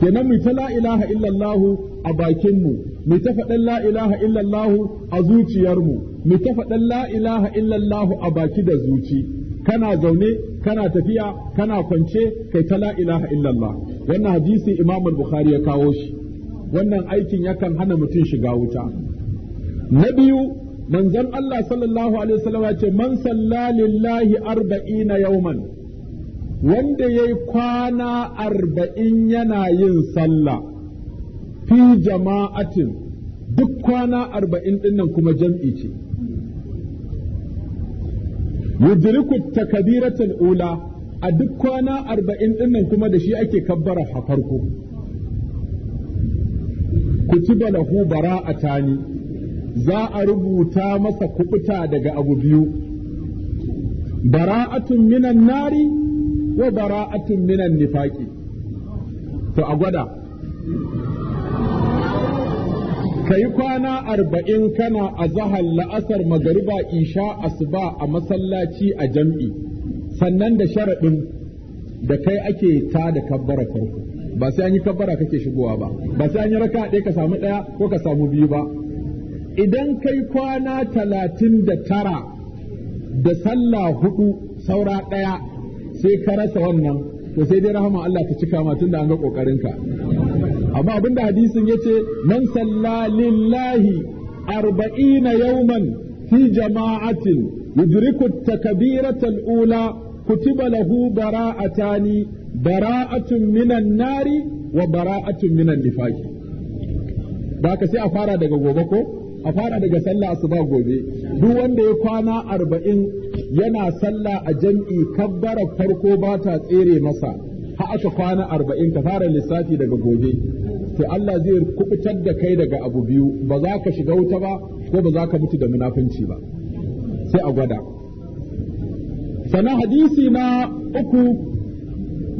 kenan mu ta la ilaha illallahu a bakinmu mu ta faɗin la ilaha illallahu a zuciyarmu mu ta faɗin la ilaha illallahu a baki da zuci kana zaune kana tafiya kana kwance kai ta la ilaha illallah wannan hadisi imam al-bukhari ya kawo shi wannan aikin yakan hana mutum shiga wuta na biyu manzon Allah sallallahu alaihi wasallam ya ce man sallallahi arba'ina yawman wanda yayi kwana arba'in yana yin sallah fi jama'atin duk kwana arba'in dinnan kuma jam'i ce yudriku takabiratul ula a duk kwana arba'in dinnan kuma da shi ake kabbara a farko kutiba lahu bara'atani za a rubuta masa kubuta daga abu biyu bara'atun minan nari wa bara'atun minan nifaqi to a gwada Kai kwana arba'in kana a zahar la'asar magariba isha asuba a masallaci a jam'i sannan da sharaɗin da kai ake ta da kabbara farko ba sai an yi kabbara kake shigowa ba ba sai an yi raka ɗaya ka samu ɗaya ko ka samu biyu ba idan kai kwana talatin da tara da sallah hudu saura ɗaya sai ka rasa wannan to sai dai rahama Allah ta cika ma da an ga ƙoƙarinka amma abin da hadisin yace man salla lillahi arba'ina yawman fi jama'atin yudriku takbirata al'ula ula kutiba lahu bara'atani bara'atun minan nari wa bara'atun minan nifaqi ba ka sai a fara daga gobe ko a fara daga sallah asuba gobe duk wanda ya kwana arba'in yana sallah a jam'i kabbara farko ba ta tsere masa a aka kwana arba'in ka fara lissafi daga gobe to Allah zai kubutar da kai daga abu biyu ba za ka shiga wuta ba ko ba za ka mutu da munafunci ba sai a gwada sannan hadisi na uku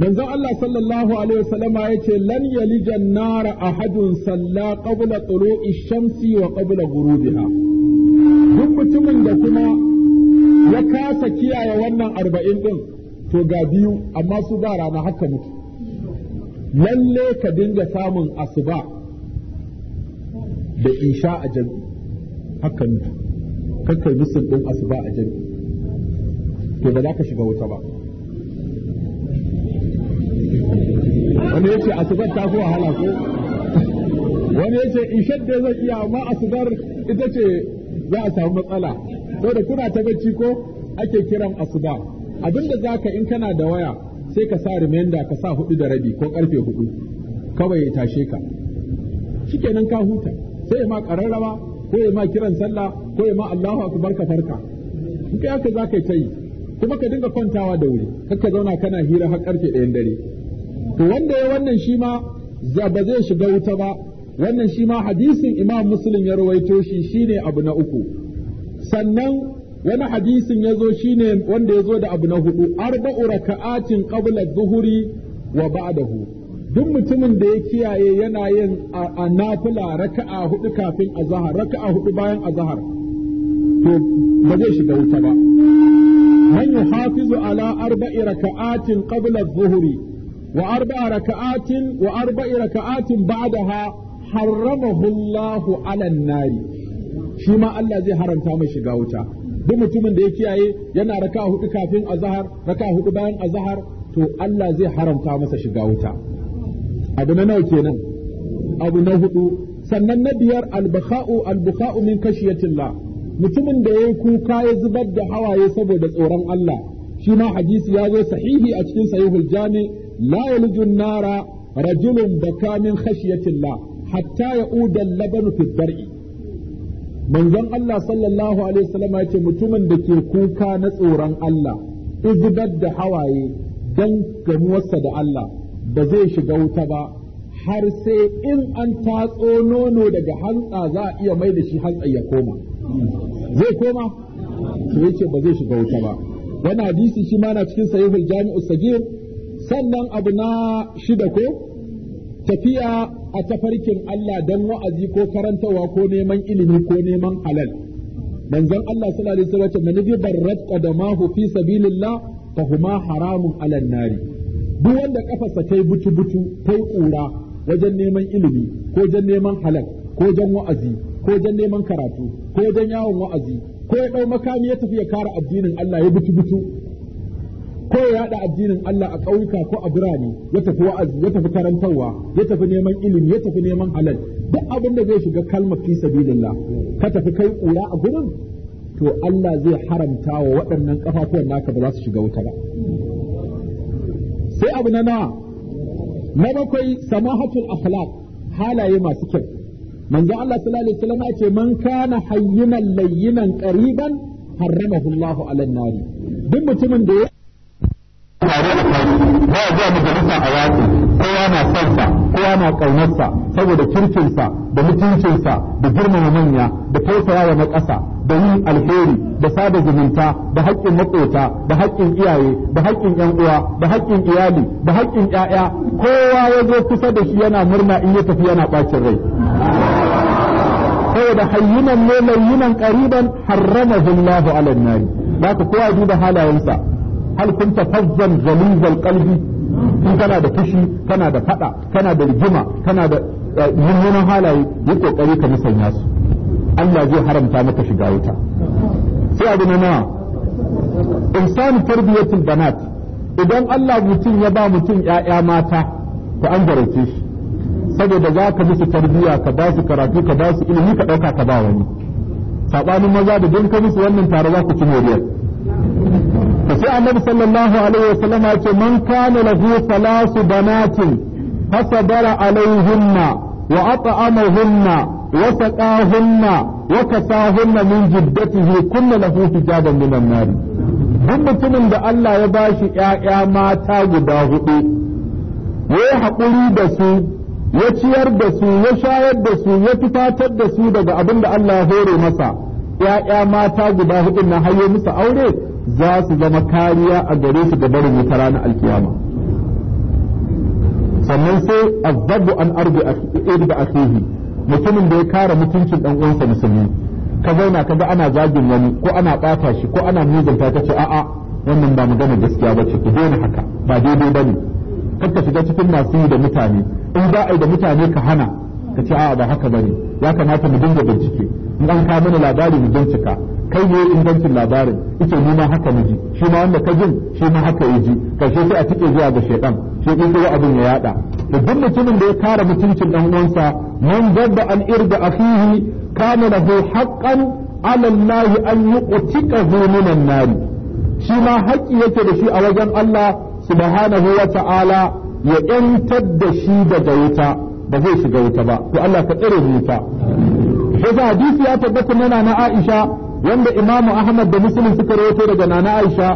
manzon Allah sallallahu alaihi wasallama yace lan yalijan nara ahadun salla qabla tulu'i shamsi wa qabla ghurubiha duk mutumin da kuma ya kasa kiyaye wannan arba'in din to ga biyu amma su ba rana haka mutu lalle ka dinga samun asuba da isha a jam'i haka mutu kakkai musul ɗin asuba a jam'i to ba za ka shiga wuta ba wani ya ce asubar ta fi wahala ko wani ya ce ishar da zan iya amma asubar ita ce za a samu matsala saboda kuna ta gaci ko ake kiran asuba abinda za ka in kana da waya sai ka sa remainder ka sa hudu da rabi ko karfe hudu kawai ya tashe ka shikenan ka huta sai ma kararrawa ko ya ma kiran sallah ko ya ma Allahu akbar ka farka duk haka za ka yi ta kuma ka dinga kwantawa da wuri kakka zauna kana hira har karfe ɗayan dare to wanda ya wannan shi ma ba zai shiga wuta ba wannan shi ma hadisin imam muslim ya rawaito shi shine abu na uku sannan wani hadisin ya zo shi ne wanda ya zo da abu na hudu arba'u raka'atin qabla zuhuri wa ba'dahu duk mutumin da ya kiyaye yana yin a nafila raka'a hudu kafin azhar raka'a hudu bayan azhar to ba zai shiga wuta ba man yuhafizu ala arba'i raka'atin qabla zuhuri wa arba'a raka'atin wa arba'i raka'atin ba'daha harramahu Allahu 'ala nari shi ma Allah zai haranta mai shiga wuta duk mutumin da ya kiyaye yana raka hudu kafin azahar raka hudu bayan azahar to Allah zai haramta masa shiga wuta abu na nawa kenan abu na hudu sannan na biyar albakha'u albakha'u min kashiyatillah mutumin da yayi kuka ya zubar da hawaye saboda tsoron Allah shi ma hadisi ya zo sahihi a cikin sahihul jami la yalijun nara rajulun baka min khashiyatillah hatta ya'uda laban fi dar'i manzon Allah sallallahu alaihi wasallam ya ce mutumin da ke kuka na tsoron Allah izbar da hawaye dan gamuwarsa da Allah ba zai shiga wuta ba har sai in an tatso nono daga hantsa za a iya mai da shi hantsa ya koma zai koma to yace ba zai shiga wuta ba wani hadisi shi na cikin sahihul jami'u sagir sannan abu na shida ko tafiya a tafarkin Allah don wa'azi ko karantawa ko neman ilimi ko neman halal manzon Allah sallallahu alaihi wasallam man bi da mahu fi sabilillah fa huma haramun ala nari duk wanda kafarsa kai butu butu tai kura wajen neman ilimi ko wajen neman halal ko wajen wa'azi ko wajen neman karatu ko wajen yawon wa'azi ko ya dau makami ya tafi ya kare addinin Allah ya butu butu ko ya yada addinin Allah a ƙauyuka ko a birane ya tafi wa'azi ya tafi karantarwa ya tafi neman ilimi ya tafi neman halal duk abin da zai shiga kalmar fi sabilillah ka tafi kai kura a gurin to Allah zai haramta wa waɗannan kafafuwan naka ba za su shiga wuta ba sai abu na nawa na bakwai samahatul akhlaq halaye masu kyau manzo Allah sallallahu alaihi wasallam ya ce man kana hayyinan layyinan qariban harramahu Allah ala nari duk mutumin da ya tare a ba a zuwa majalisa a watsi kowa na sansa kowa na sa saboda kirkinsa da mutuncinsa da girmama manya da wa na ƙasa da yin alheri da sada zumunta da haƙƙin maƙota da haƙƙin iyaye da haƙƙin ƴan uwa da haƙƙin iyali da haƙƙin ƴaƴa kowa ya zo kusa da shi yana murna in ya tafi yana ɓacin rai saboda hayyunan ne layyinan qariban harramahu Allahu ala nari da kowa duba halayensa hal kunta fazzan zalizal qalbi in kana da fushi kana da fada kana da rigima kana da eh, mummunan halaye yi kokari ka sanya su Allah zai haramta maka shiga wuta sai abu na nawa insan tarbiyatul banat idan Allah mutum ya ba mutum ƴaƴa mata to an barace shi saboda za ka musu tarbiyya ka ba su karatu ka ba su ilimi ka ɗauka ka ba wani saɓanin maza da don ka musu wannan tare za ku ci moriyar sai annabi sallallahu alaihi wa sallam ce man kana lahu salasu banatin fasabara alaihinna wa at'amahunna wa saqahunna wa kasahunna min jiddatihi kullu lahu hijaban min an-nar duk mutumin da Allah ya bashi ƴaƴa mata guda hudu ya haƙuri da su ya ciyar da su ya shayar da su ya tufatar da su daga abin da Allah ya hore masa ‘ya'ya mata gida hudu na hayo musu aure za su zama kariya a gare su da barin wuta rana alkiyama sannan sai azabu an arbi da akhihi mutumin da ya kare mutuncin dan uwansa musulmi ka zauna kaga ana zagin wani ko ana bata shi ko ana muzanta ta ce a'a wannan ba magana gaskiya ba ce ku daina haka ba daidai bane kar ka shiga cikin masu yi da mutane in ba a yi da mutane ka hana ka ce a'a ba haka bane ya kamata mu dinga bincike in an kawo mana labari mu bincika kai ne ingancin labarin ita ni ma haka miji shi ma wanda ka jin shi ma haka ya ji karshe sai a cike zuwa ga shedan shi kin ga abin ya yada da duk mutumin da ya kare mutuncin ɗan uwansa man gadda al irda akhihi kana lahu haqqan ala Allah an yuqtika minan nari shi ma haƙƙi yake da shi a wajen Allah subhanahu wa ta'ala ya yantar da shi daga wuta ba zai shiga wuta ba to Allah ka tsare mu wuta sai hadisi ya tabbata nana na Aisha wanda Imam Ahmad da Muslim suka rawaito daga nana Aisha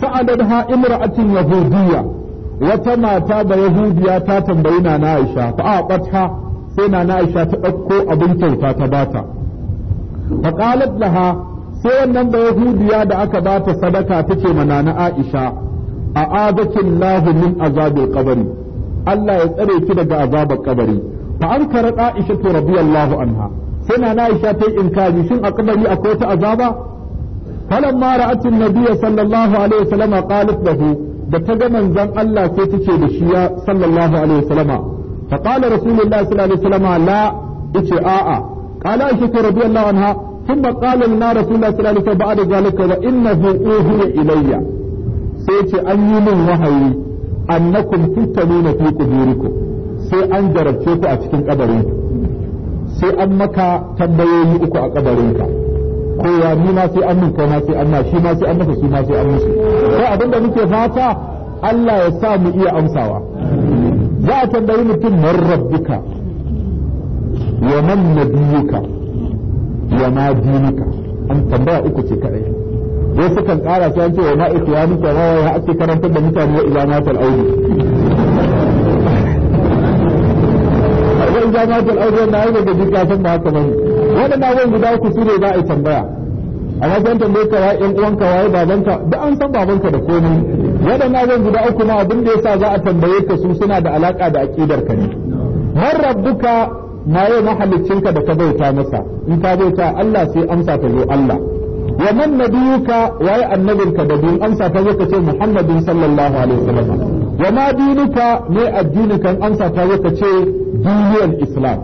sa'adatha imra'atin yahudiyya wata mata da yahudiya ta tambayi nana Aisha fa aqatha sai nana Aisha ta dauko abin kyauta ta bata fa qalat laha sai wannan da yahudiya da aka bata sadaka ce ma nana Aisha a'adakin lahu min azabil qabri Allah ya tsare ki daga azabar kabari fa ankara Aisha to radiyallahu anha sai na Aisha ta inkari shin a kabari akwai ta azaba falamma ra'at an-nabiy sallallahu alaihi wasallam qalat lahu da ta ga manzon Allah sai take da shi ya sallallahu alaihi wasallam fa qala rasulullah sallallahu alaihi wasallam la ice a'a qala Aisha to radiyallahu anha ثم قال لنا رسول الله صلى الله عليه وسلم بعد ذلك وإنه أوهي إلي sai ce an yi min wahayi annakum tutaluna fi quburikum sai an jarabce ku a cikin kabarin sai an maka tambayoyi uku a kabarin ka kowa ni ma sai an min kai ma sai an ma shi ma sai an masa su ma sai an musu sai abinda muke fata Allah ya sa mu iya amsawa za a tambayi mutum man rabbuka wa man nabiyuka wa ma dinuka an tambaya uku ce kadai wasu kan kara ta ce wa ma'aiki ya nuka rawa ya ake karantar da mutane wa ilamatar aure wani ilamatar aure na aure da duk yasan ba haka bane waɗanda wani guda uku su ne za a yi tambaya a wajen tambayar ka yan uwanka waye babanka da an san babanka da komai waɗanda wani guda uku ma abin da yasa za a tambaye ka su suna da alaka da aƙidar ka ne man rabbuka ma yau mahaliccinka da ka bauta masa in ka bauta Allah sai amsa ta zo Allah wa man nabiyuka waye annabinka da bin amsa ta zaka ce muhammadin sallallahu alaihi wasallam wa ma dinuka ne addini kan amsa ta zaka ce duniyar islam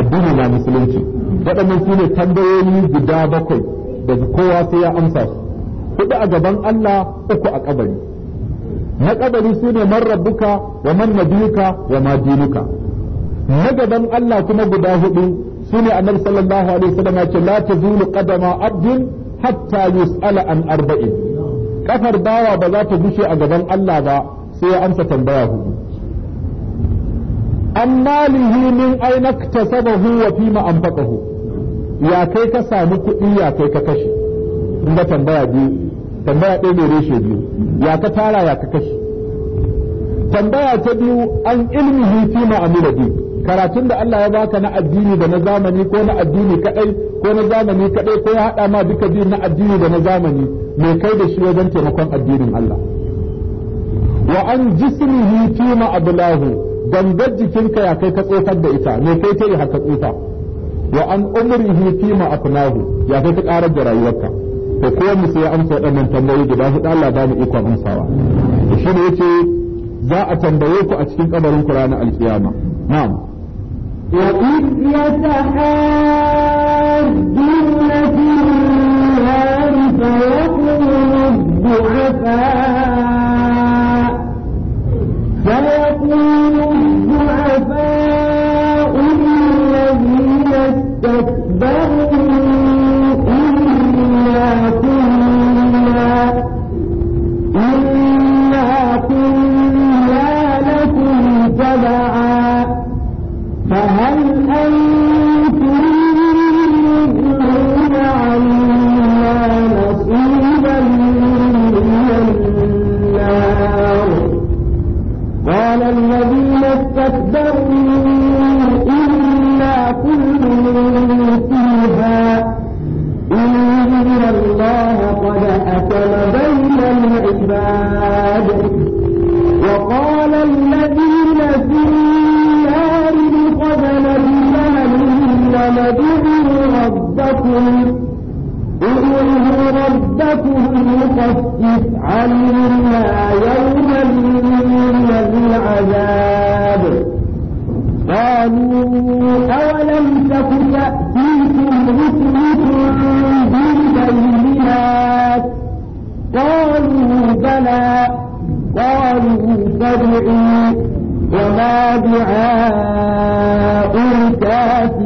addini na musulunci waɗannan su ne tambayoyi guda bakwai da kowa sai ya amsa su hudu a gaban Allah uku a kabari na kabari su ne man rabbuka wa man nabiyuka wa ma dinuka na gaban Allah kuma guda hudu su ne annabi sallallahu alaihi wasallam ya ce la tazulu qadama abdin hatta yus'ala an arba'in kafar bawa ba za ta gushe a gaban Allah ba sai ya amsa tambaya hudu ammalihi min aina iktasabahu wa fima anfaqahu ya kai ka samu kuɗi ya kai ka kashe in ga tambaya biyu tambaya ɗaya ne reshe biyu ya ka tara ya ka kashe tambaya ta biyu an ilmihi fima amila biyu karatun da Allah ya baka na addini da na zamani ko na addini kadai ko na zamani kadai ko ya hada ma duka biyu na addini da na zamani me kai da shi wajen taimakon addinin Allah wa an jismihi fi ma ablahu gangar jikinka ya kai ka tsofar da ita me kai ta yi haka tsufa wa an umrihi fi ma afnahu ya kai ka karar da rayuwarka to ko mu sai amsa waɗannan tambayoyi guda hudu Allah ba mu ikon amsawa shi ne yace za a tambaye ku a cikin kabarin ku ranar alkiyama na'am وإذ يتحاجون في النار فيقول الضعفاء الرحيم إنه ربكم يخفف عنا يوما من العذاب قالوا أولم تك تأتيكم رسلكم بالبينات قالوا بلى قالوا فادعوا وما دعاء الكافرين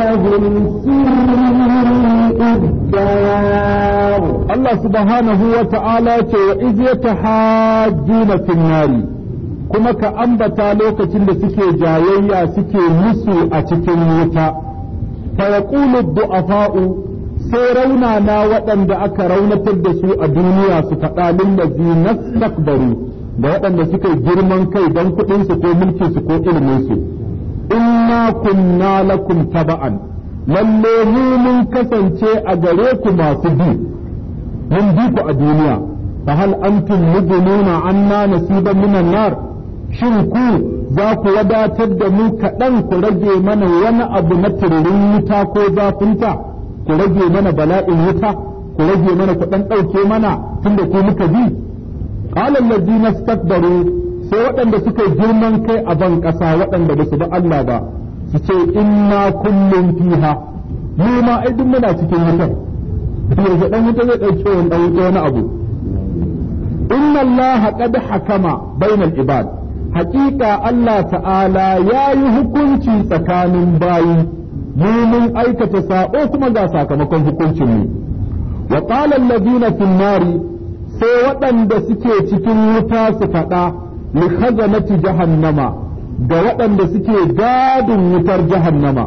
Allah subhanahu wa ta'ala ce wa iziya ta hajjuna finnari kuma ka ambata lokacin da suke jayayya suke musu a cikin wuta fa a fa'u sai na waɗanda aka raunatar da su a duniya su faɗa lillazi nastakbaru da waɗanda suka girman kai don kuɗinsu ko mulkinsu ko ilminsu inna kunna lakum taba'an lalle mu mun kasance a gare ku masu bi mun bi ku a duniya fa hal antum mudununa anna nasiban minan nar shin ku za ku wadatar da mu kaɗan ku rage mana wani abu na tururin wuta ko zafinta ku rage mana bala'in wuta ku rage mana ku ɗan ɗauke mana tunda ku muka bi qala alladhina istakbaru sai waɗanda suka girman kai a ban ƙasa waɗanda ba su ba Allah ba su ce inna kullum fiha mu ma ai duk muna cikin wutar yanzu dan wuta zai ɗauke wani dan wuta wani abu inna Allah qad hakama bainal ibad haƙiƙa Allah ta'ala ya yi hukunci tsakanin bayi mu mun aikata sabo kuma ga sakamakon hukuncin mu wa qala alladhina fin nari sai waɗanda suke cikin wuta su faɗa li khazanati jahannama ga waɗanda suke gadin wutar jahannama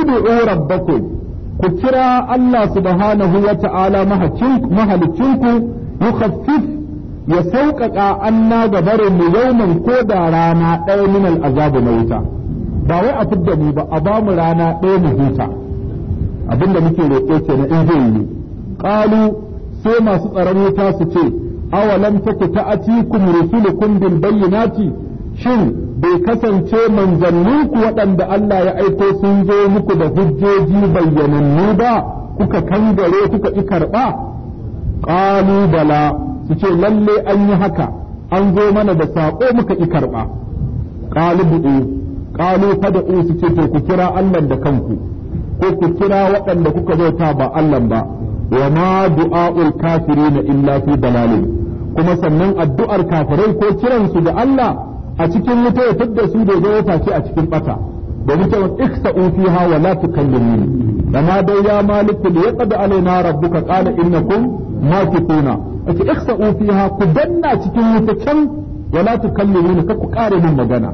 ud'u rabbakum ku kira Allah subhanahu wa ta'ala mahalicinku yukhaffif ya sauƙaƙa anna ga barin mu yauman ko da rana ɗaya min al'azabu na wuta ba wai a fidda mu ba a ba mu rana ɗaya mu huta abinda muke roƙo kenan in zai yi ƙalu sai masu tsaron wuta su ce awalan take ta'atikum rusulukum bil bayyinati shin bai kasance ku. waɗanda Allah ya aiko sun zo muku da hujjoji bayyanannu ba kuka kangare kuka ƙi karɓa qalu bala su ce lalle an yi haka an zo mana da sako muka ƙi karɓa qalu bu'u qalu fada'u su ce to ku kira Allah da kanku ko ku kira waɗanda kuka ta ba Allah ba wa ma du'a'ul kafirina illa fi dalalin kuma sannan addu'ar kafirai ko kiransu da Allah a cikin wuta ya fidda su da ya face a cikin ɓata. da wuta wani iksa fiha wa la da kama dai ya maliku da ya qada alaina rabbuka qala innakum makithuna ake iksa fiha ku danna cikin wuta can wa la da ka ku kare min magana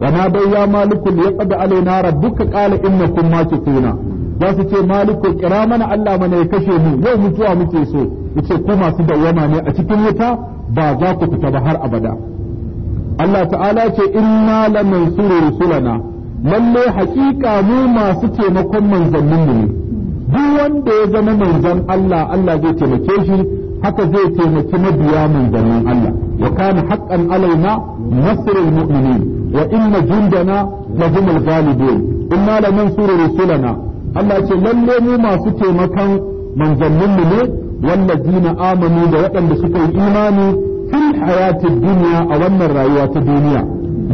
kama dai ya maliku da ya qada alaina rabbuka qala innakum makithuna za su ce maliku kira mana Allah mana ya kashe mu yau mutuwa muke so yace ku masu dawwama ne a cikin wuta ba za ku fita ba har abada Allah ta'ala ce inna lamansuru rusulana lalle hakika mu masu taimakon manzannin mu ne duk wanda ya zama manzan Allah Allah zai taimake shi haka zai taimaki mabiya manzannin Allah wa kana haqqan alaina nasrul mu'minin wa inna jundana lahumul ghalibun inna lamansuru rusulana Allah ce lalle mu masu taimakon manzannin mu ne na amani da waɗanda suka yi imani fil hayatid duniya a wannan rayuwa ta duniya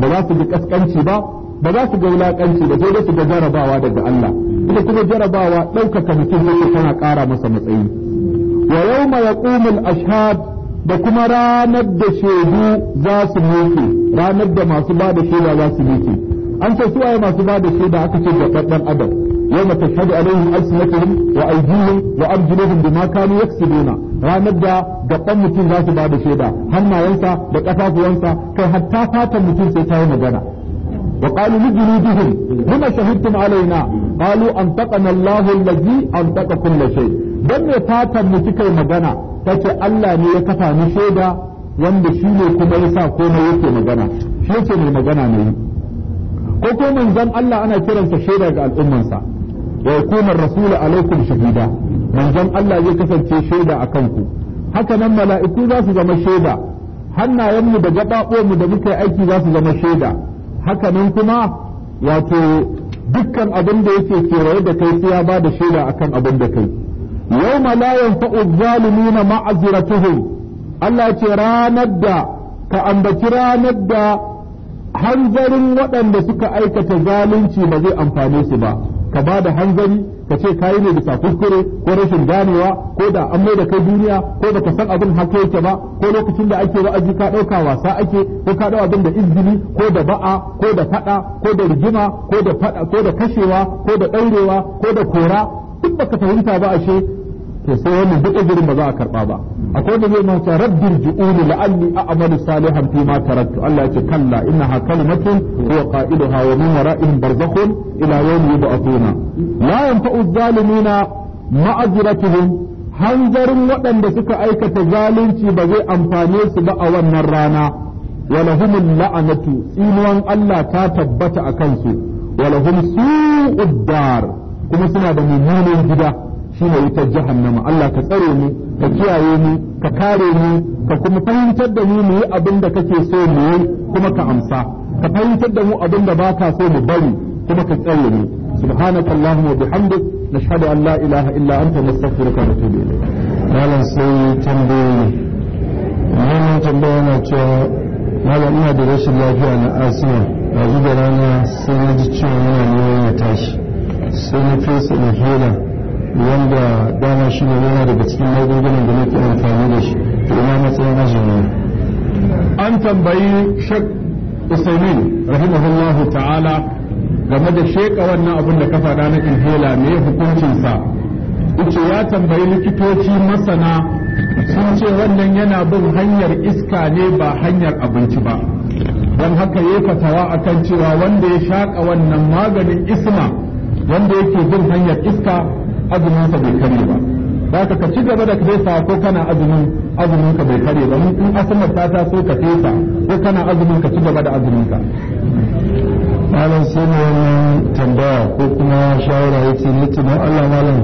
ba za su ji kaskanci ba ba za su ga wulakanci ba sai su ga jarabawa daga Allah ita kuma jarabawa ɗaukaka mutum yake tana ƙara masa matsayi wa yawma yaqumul ashhad da kuma ranar da shaidu za su miƙe ranar da masu ba da shaida za su miƙe an ce su waye masu ba da shaida aka ce da ɗan adam يوم تشهد عليهم ألسنتهم وأيديهم وأرجلهم بما كانوا يكسبون ranar da gaban mutum za su ba da shaida hannayensa da ƙafafuwansa kai hatta fatan mutum sai ta yi magana wa qalu li junudihim lima shahidtum alaina qalu antaqana Allahu allazi antaqa kull shay dan me fatan mu kai magana tace Allah ne ya kafa ni shaida wanda shi ne kuma yasa komai yake magana shi yake mai magana ne ko ko manzon Allah ana kiransa shaida ga al'ummansa wa yakuna rasul alaikum shahida manzon Allah zai kasance shaida a kanku haka nan mala'iku za su zama shaida hannayenmu da gaɓaɓonmu da muka yi aiki za su zama shaida haka nan kuma wato dukkan abin da yake kewaye da kai sai ya ba da shaida akan abin da kai yau la yanfa'u zalimina ma'aziratuhum Allah ce ranar da ka ambaci ranar da hanzarin waɗanda suka aikata zalunci ba zai amfane su ba ka ba da hanzari ka ce kayi ne bisa kuskure ko rashin ganewa ko da an da kai duniya ko ka san abin haka yake ba ko lokacin da ake wa'azi ka ɗauka wasa ake ko ka ɗau abin da izini ko da ba'a ko da faɗa ko da rigima ko da faɗa ko da kashewa ko da ɗaurewa ko da kora duk baka fahimta ba ashe to sai wannan duk ba za a karba ba akwai da zai ma ta rabbi ji'uni la'alli a'malu salihan fi ma taraktu Allah ya ce kalla innaha kalimatun huwa qa'iluha wa min wara'ihim barzakhun ila yawmi yub'athuna la yanfa'u adh-dhalimina ma'azratuhum hanzarin waɗanda suka aikata zalunci ba zai amfane su ba a wannan rana ولهم اللعنة إنوان الله تاتبت أكنسو ولهم سوء الدار كما da من جدا shine wutar jahannama Allah ka tsare mu ka kiyaye mu ka kare mu ka kuma fahimtar da mu yi abin da kake so mu yi kuma ka amsa ka fahimtar da mu abin da baka so mu bari kuma ka tsare mu subhanaka allahumma bihamdik nashhadu an la ilaha illa anta nastaghfiruka wa natubu ilayk malam sai tambayoyi wannan tambaya na cewa malam ina da rashin lafiya na asiya yanzu da rana sai na ji cewa yana ne ya tashi sai na fesa inhaler wanda dama shi ne yana daga cikin magungunan da nake amfani da shi to ina matsayin azumi an tambayi shek usaimin rahimahullahu ta'ala game da sheka wannan abin da kafa faɗa na inhela me hukuncinsa ce ya tambayi likitoci masana sun ce wannan yana bin hanyar iska ne ba hanyar abinci ba don haka ya fatawa akan cewa wanda ya shaƙa wannan maganin isma wanda yake bin hanyar iska azumin ka bai kare ba za ka ka ci gaba da fesa ko kana azumin azumin ka bai kare ba in asamar ta so ka tefa ko kana azumin ka ci gaba da azumin ka malam sai ne wannan tambaya ko kuma shawara yake litinin Allah malam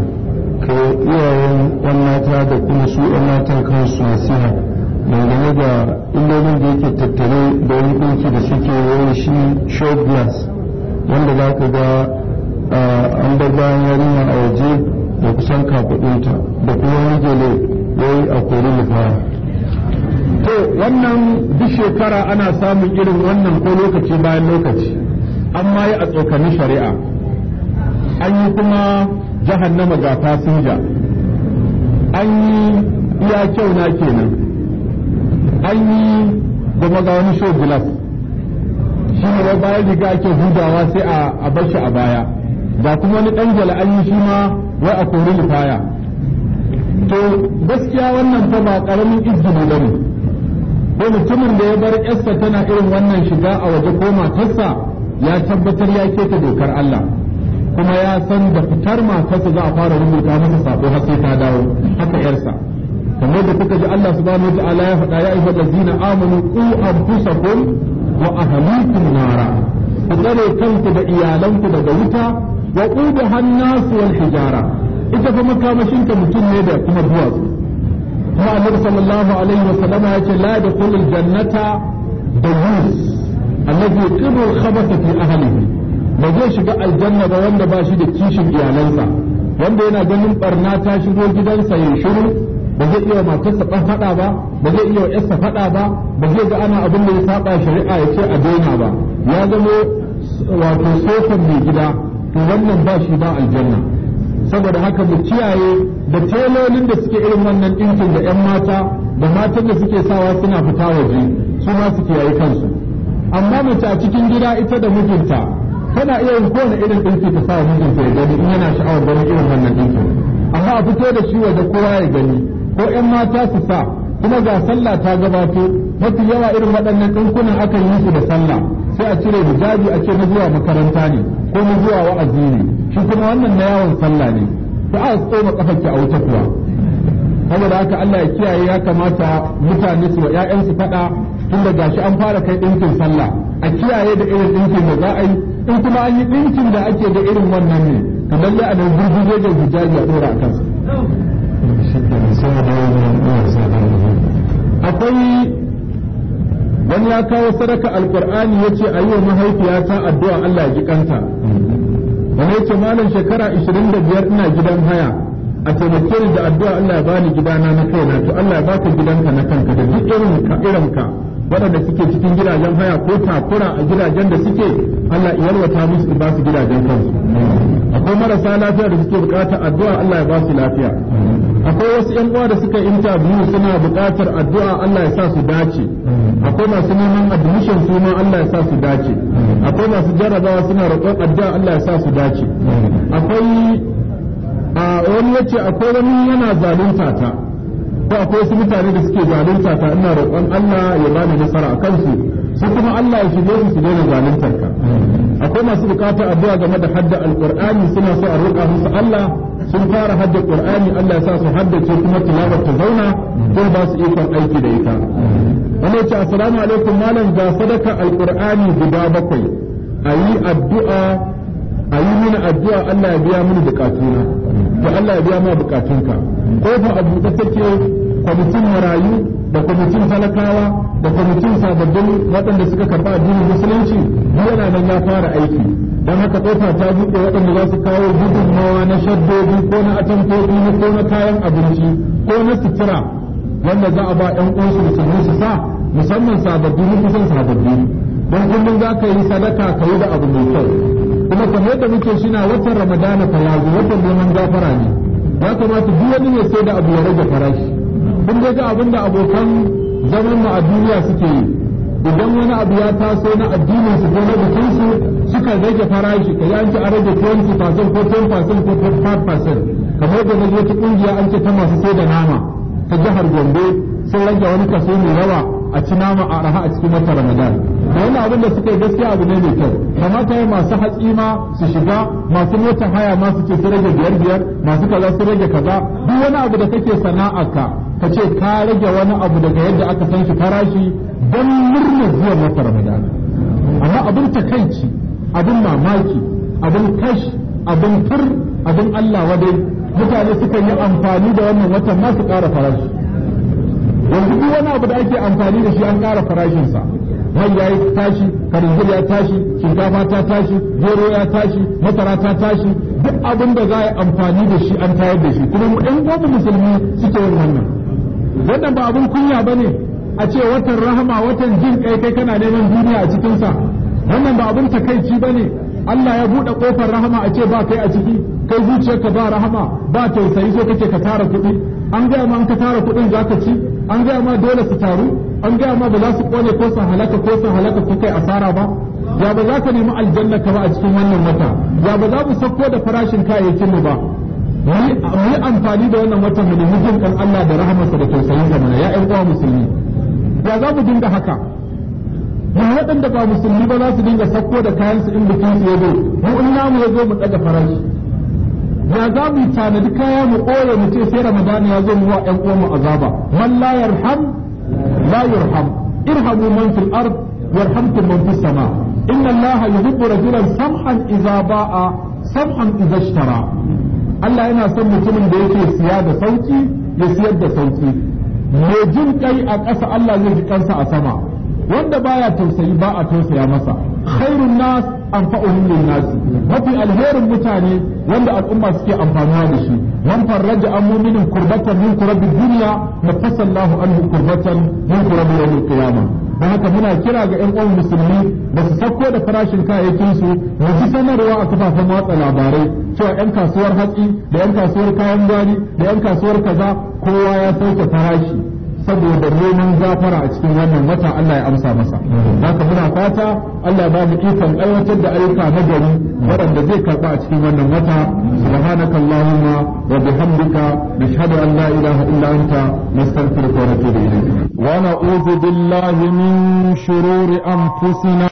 ka iyayen yan mata da kuma su yan matan kansu nasiha dangane da illolin da yake tattare da wani da suke yawan shi short glass wanda za ka ga an bar bayan yarinya a waje da kusan kafaɗinta da kuma wani ya yi a kori lufara to wannan duk shekara ana samun irin wannan ko lokaci bayan lokaci amma yi a tsokani shari'a an yi kuma jahannama ga fasinja an yi iya kyau na kenan an yi kuma ga wani show glass shi ne bayan riga ake hudawa sai a bar shi a baya ba kuma wani ɗan jala'ayi shi ma wai a kori lifaya to gaskiya wannan fa ba ƙaramin izini ba ne ko mutumin da ya bar yarsa tana irin wannan shiga a waje ko matarsa ya tabbatar ya keta dokar Allah kuma ya san da fitar matarsa za a fara rubuta masa sako har sai ta dawo haka yarsa kamar da kuka ji Allah subhanahu wa ya faɗa ya ayyuhal ladzina amanu qu anfusakum wa ahlikum nara ku tsare kanku da iyalanku daga wuta wa qudu hannasu wal hijara ita fa makamashin ta mutum ne da kuma duwatsu kuma annabi sallallahu alaihi wa sallama ce la yadkhulul jannata dawus allazi yaqimu al-khabatha fi ahlihi ba zai shiga aljanna ba wanda ba shi da kishin iyalansa wanda yana ganin barna ta shigo gidansa ya shiru ba zai iya matarsa ɗan faɗa ba ba zai iya yarsa faɗa ba ba zai ga ana abin da ya saba shari'a ya ce a daina ba ya zama wato sofan mai gida to wannan ba shi ba aljanna saboda haka mu kiyaye da telolin da suke irin wannan dinkin da 'yan mata da matan da suke sawa suna fita waje su ma su kiyaye kansu amma mace a cikin gida ita da mijinta tana iya yin kowane irin dinki ta sawa mijinta ya gani in yana sha'awar ganin irin wannan dinkin amma a fito da shi waje kowa ya gani ko 'yan mata su sa kuma ga sallah ta gabato mafi yawa irin waɗannan ɗinkunan akan yi su da sallah sai a cire hijabi a ce na zuwa makaranta ne ko na zuwa wa'azi ne shi kuma wannan na yawon sallah ne ta a tsoma kafarki a wuta kuwa saboda haka Allah ya kiyaye ya kamata mutane su wa ƴaƴansu faɗa tunda gashi an fara kai ɗinkin sallah a kiyaye da irin ɗinkin da za a yi in kuma an yi ɗinkin da ake da irin wannan ne to lalle a nan gurgurje da hijabi a ɗora a kansa. akwai wani ya kawo sadaka alkur'ani ya ce a yi wa mahaifiyata addu'a Allah ji kanta wani ya ce malam shekara 25 ina gidan haya a taimake ni da addu'a Allah ya bani gidana na kaina to Allah ya baka gidanka na kanka da duk irin ka irin ka waɗanda suke cikin gidajen haya ko takura a gidajen da suke Allah ya yalwata musu ba su gidajen kansu akwai marasa lafiya da suke bukatar addu'a Allah ya ba su lafiya akwai wasu 'yan uwa da suka interview suna buƙatar addu'a Allah ya sa su dace akwai masu neman admission su ma Allah ya sa su dace akwai masu jarabawa suna roƙon addu'a Allah ya sa su dace akwai a wani yace akwai wani yana zalunta ta ko akwai wasu mutane da suke zalunta ta ina roƙon Allah ya bani nasara a kansu su kuma Allah ya shige su su daina zaluntar ka akwai masu bukatar addu'a game da hadda alqur'ani suna so a roƙa musu Allah sun fara hadda qur'ani Allah ya sa su haddace kuma tilawar ta zauna ko ba su ikon aiki da ita wani ya ce assalamu alaikum malam ga sadaka alqur'ani guda bakwai ayi addu'a ayi mini addu'a Allah ya biya mini bukatuna ka Allah ya biya bukatunka ko ba abu da take kwamitin marayu da kwamitin talakawa da kwamitin sababbin waɗanda suka karɓa addinin musulunci duk yana nan ya fara aiki don haka ɗauka ta buɗe waɗanda za su kawo gudunmawa na shaddodi ko na atamfofi ko na kayan abinci ko na sutura wanda za a ba ɗan uwansu musulmi su sa musamman sababbi mun kusan sababbi don kullum za ka yi sadaka ka yi da abu mai kyau kuma kamar yadda muke shi na watan ramadana falazi watan neman gafara ne ya kamata duk wani ne sai da abu ya rage farashi kun dai ga abin da abokan zaman mu a duniya suke yi idan wani abu ya taso na addinin su ko na bikin su suka rage farashi kaji an ce an rage 20% ko 10% ko 5% kamar da na wata kungiya an ce ta masu sai da nama ta jihar Gombe sun rage wani kaso mai yawa. a ci nama a raha a cikin wata ramadan da wani abin da suka yi gaskiya abu ne mai kyau kamata yi masu hatsi ma su shiga masu motar haya ma su ce su rage biyar biyar masu kaza su rage kaza duk wani abu da kake sana'a ka ce ka rage wani abu daga yadda aka san shi farashi don murna zuwa wata ramadan amma abin takaici abin mamaki abin kash abin tur abin Allah wadai mutane suka yi amfani da wannan watan ma su ƙara farashi yanzu duk wani abu da ake amfani da shi an ƙara farashinsa mai ya yi tashi karinzir ya tashi shinkafa ta tashi gero ya tashi masara ta tashi duk abin da za a yi amfani da shi an tayar da shi kuma mu ɗan gobe musulmi suke yin wannan wannan ba abin kunya ba ne a ce watan rahama watan jin kai kai kana neman duniya a cikinsa wannan ba abin takaici ba ne Allah ya buɗe ƙofar rahama a ce ba kai a ciki kai zuciyarka ba rahama ba tausayi so kake ka tara kuɗi an gaya ma an ka tara kuɗin za ka ci an gaya ma dole su taru an gaya ma ba za su kone ko sun halaka ko su halaka ko kai asara ba ya ba za ka nemi aljanna ka ba a cikin wannan wata ya ba za mu sauko da farashin kayayyakin mu ba mu amfani da wannan watan mu nemi jin kan Allah da rahamarsa da tausayin ga mana ya ƴan uwa musulmi ya za mu dinga haka mu waɗanda ba musulmi ba za su dinga sauko da kayan su in bikin su ya mu in namu ya zo mu ɗaga farashi ya za mu tanadi kaya mu ɓoye mu ce sai ramadana ya zo mu wa ƴan uwanmu azaba man la yarham la yarham irhamu man fil ard yarhamkum man fis sama inna allaha yuhibbu rajulan samhan idza ba'a samhan idza ishtara Allah yana son mutumin da yake siya da sauki ya siyar da sauki mai jin kai a ƙasa Allah zai ji kansa a sama wanda baya tausayi ba a tausaya masa khairun nas anfa'uhum lin nas mafi alherin mutane wanda al'umma suke amfanuwa da shi man farraja an mu'minin kurbatan min kurabi dunya nafasallahu anhu kurbatan min kurabi yawmil qiyamah don haka muna kira ga 'yan uwan musulmi da su sauko da farashin kayayyakin su da ji sanarwa a kafafen watsa labarai cewa 'yan kasuwar hatsi da 'yan kasuwar kayan gwari da 'yan kasuwar kaza kowa ya sauke farashi saboda neman gafara a cikin wannan wata Allah ya amsa masa haka muna fata Allah ba mu ikon aiwatar da ayyuka na gari waɗanda zai karɓa a cikin wannan wata subhanaka allahumma wa bihamdika nashhadu an la ilaha illa anta nastaghfiruka wa natubu ilayk wa na'udhu billahi min shururi anfusina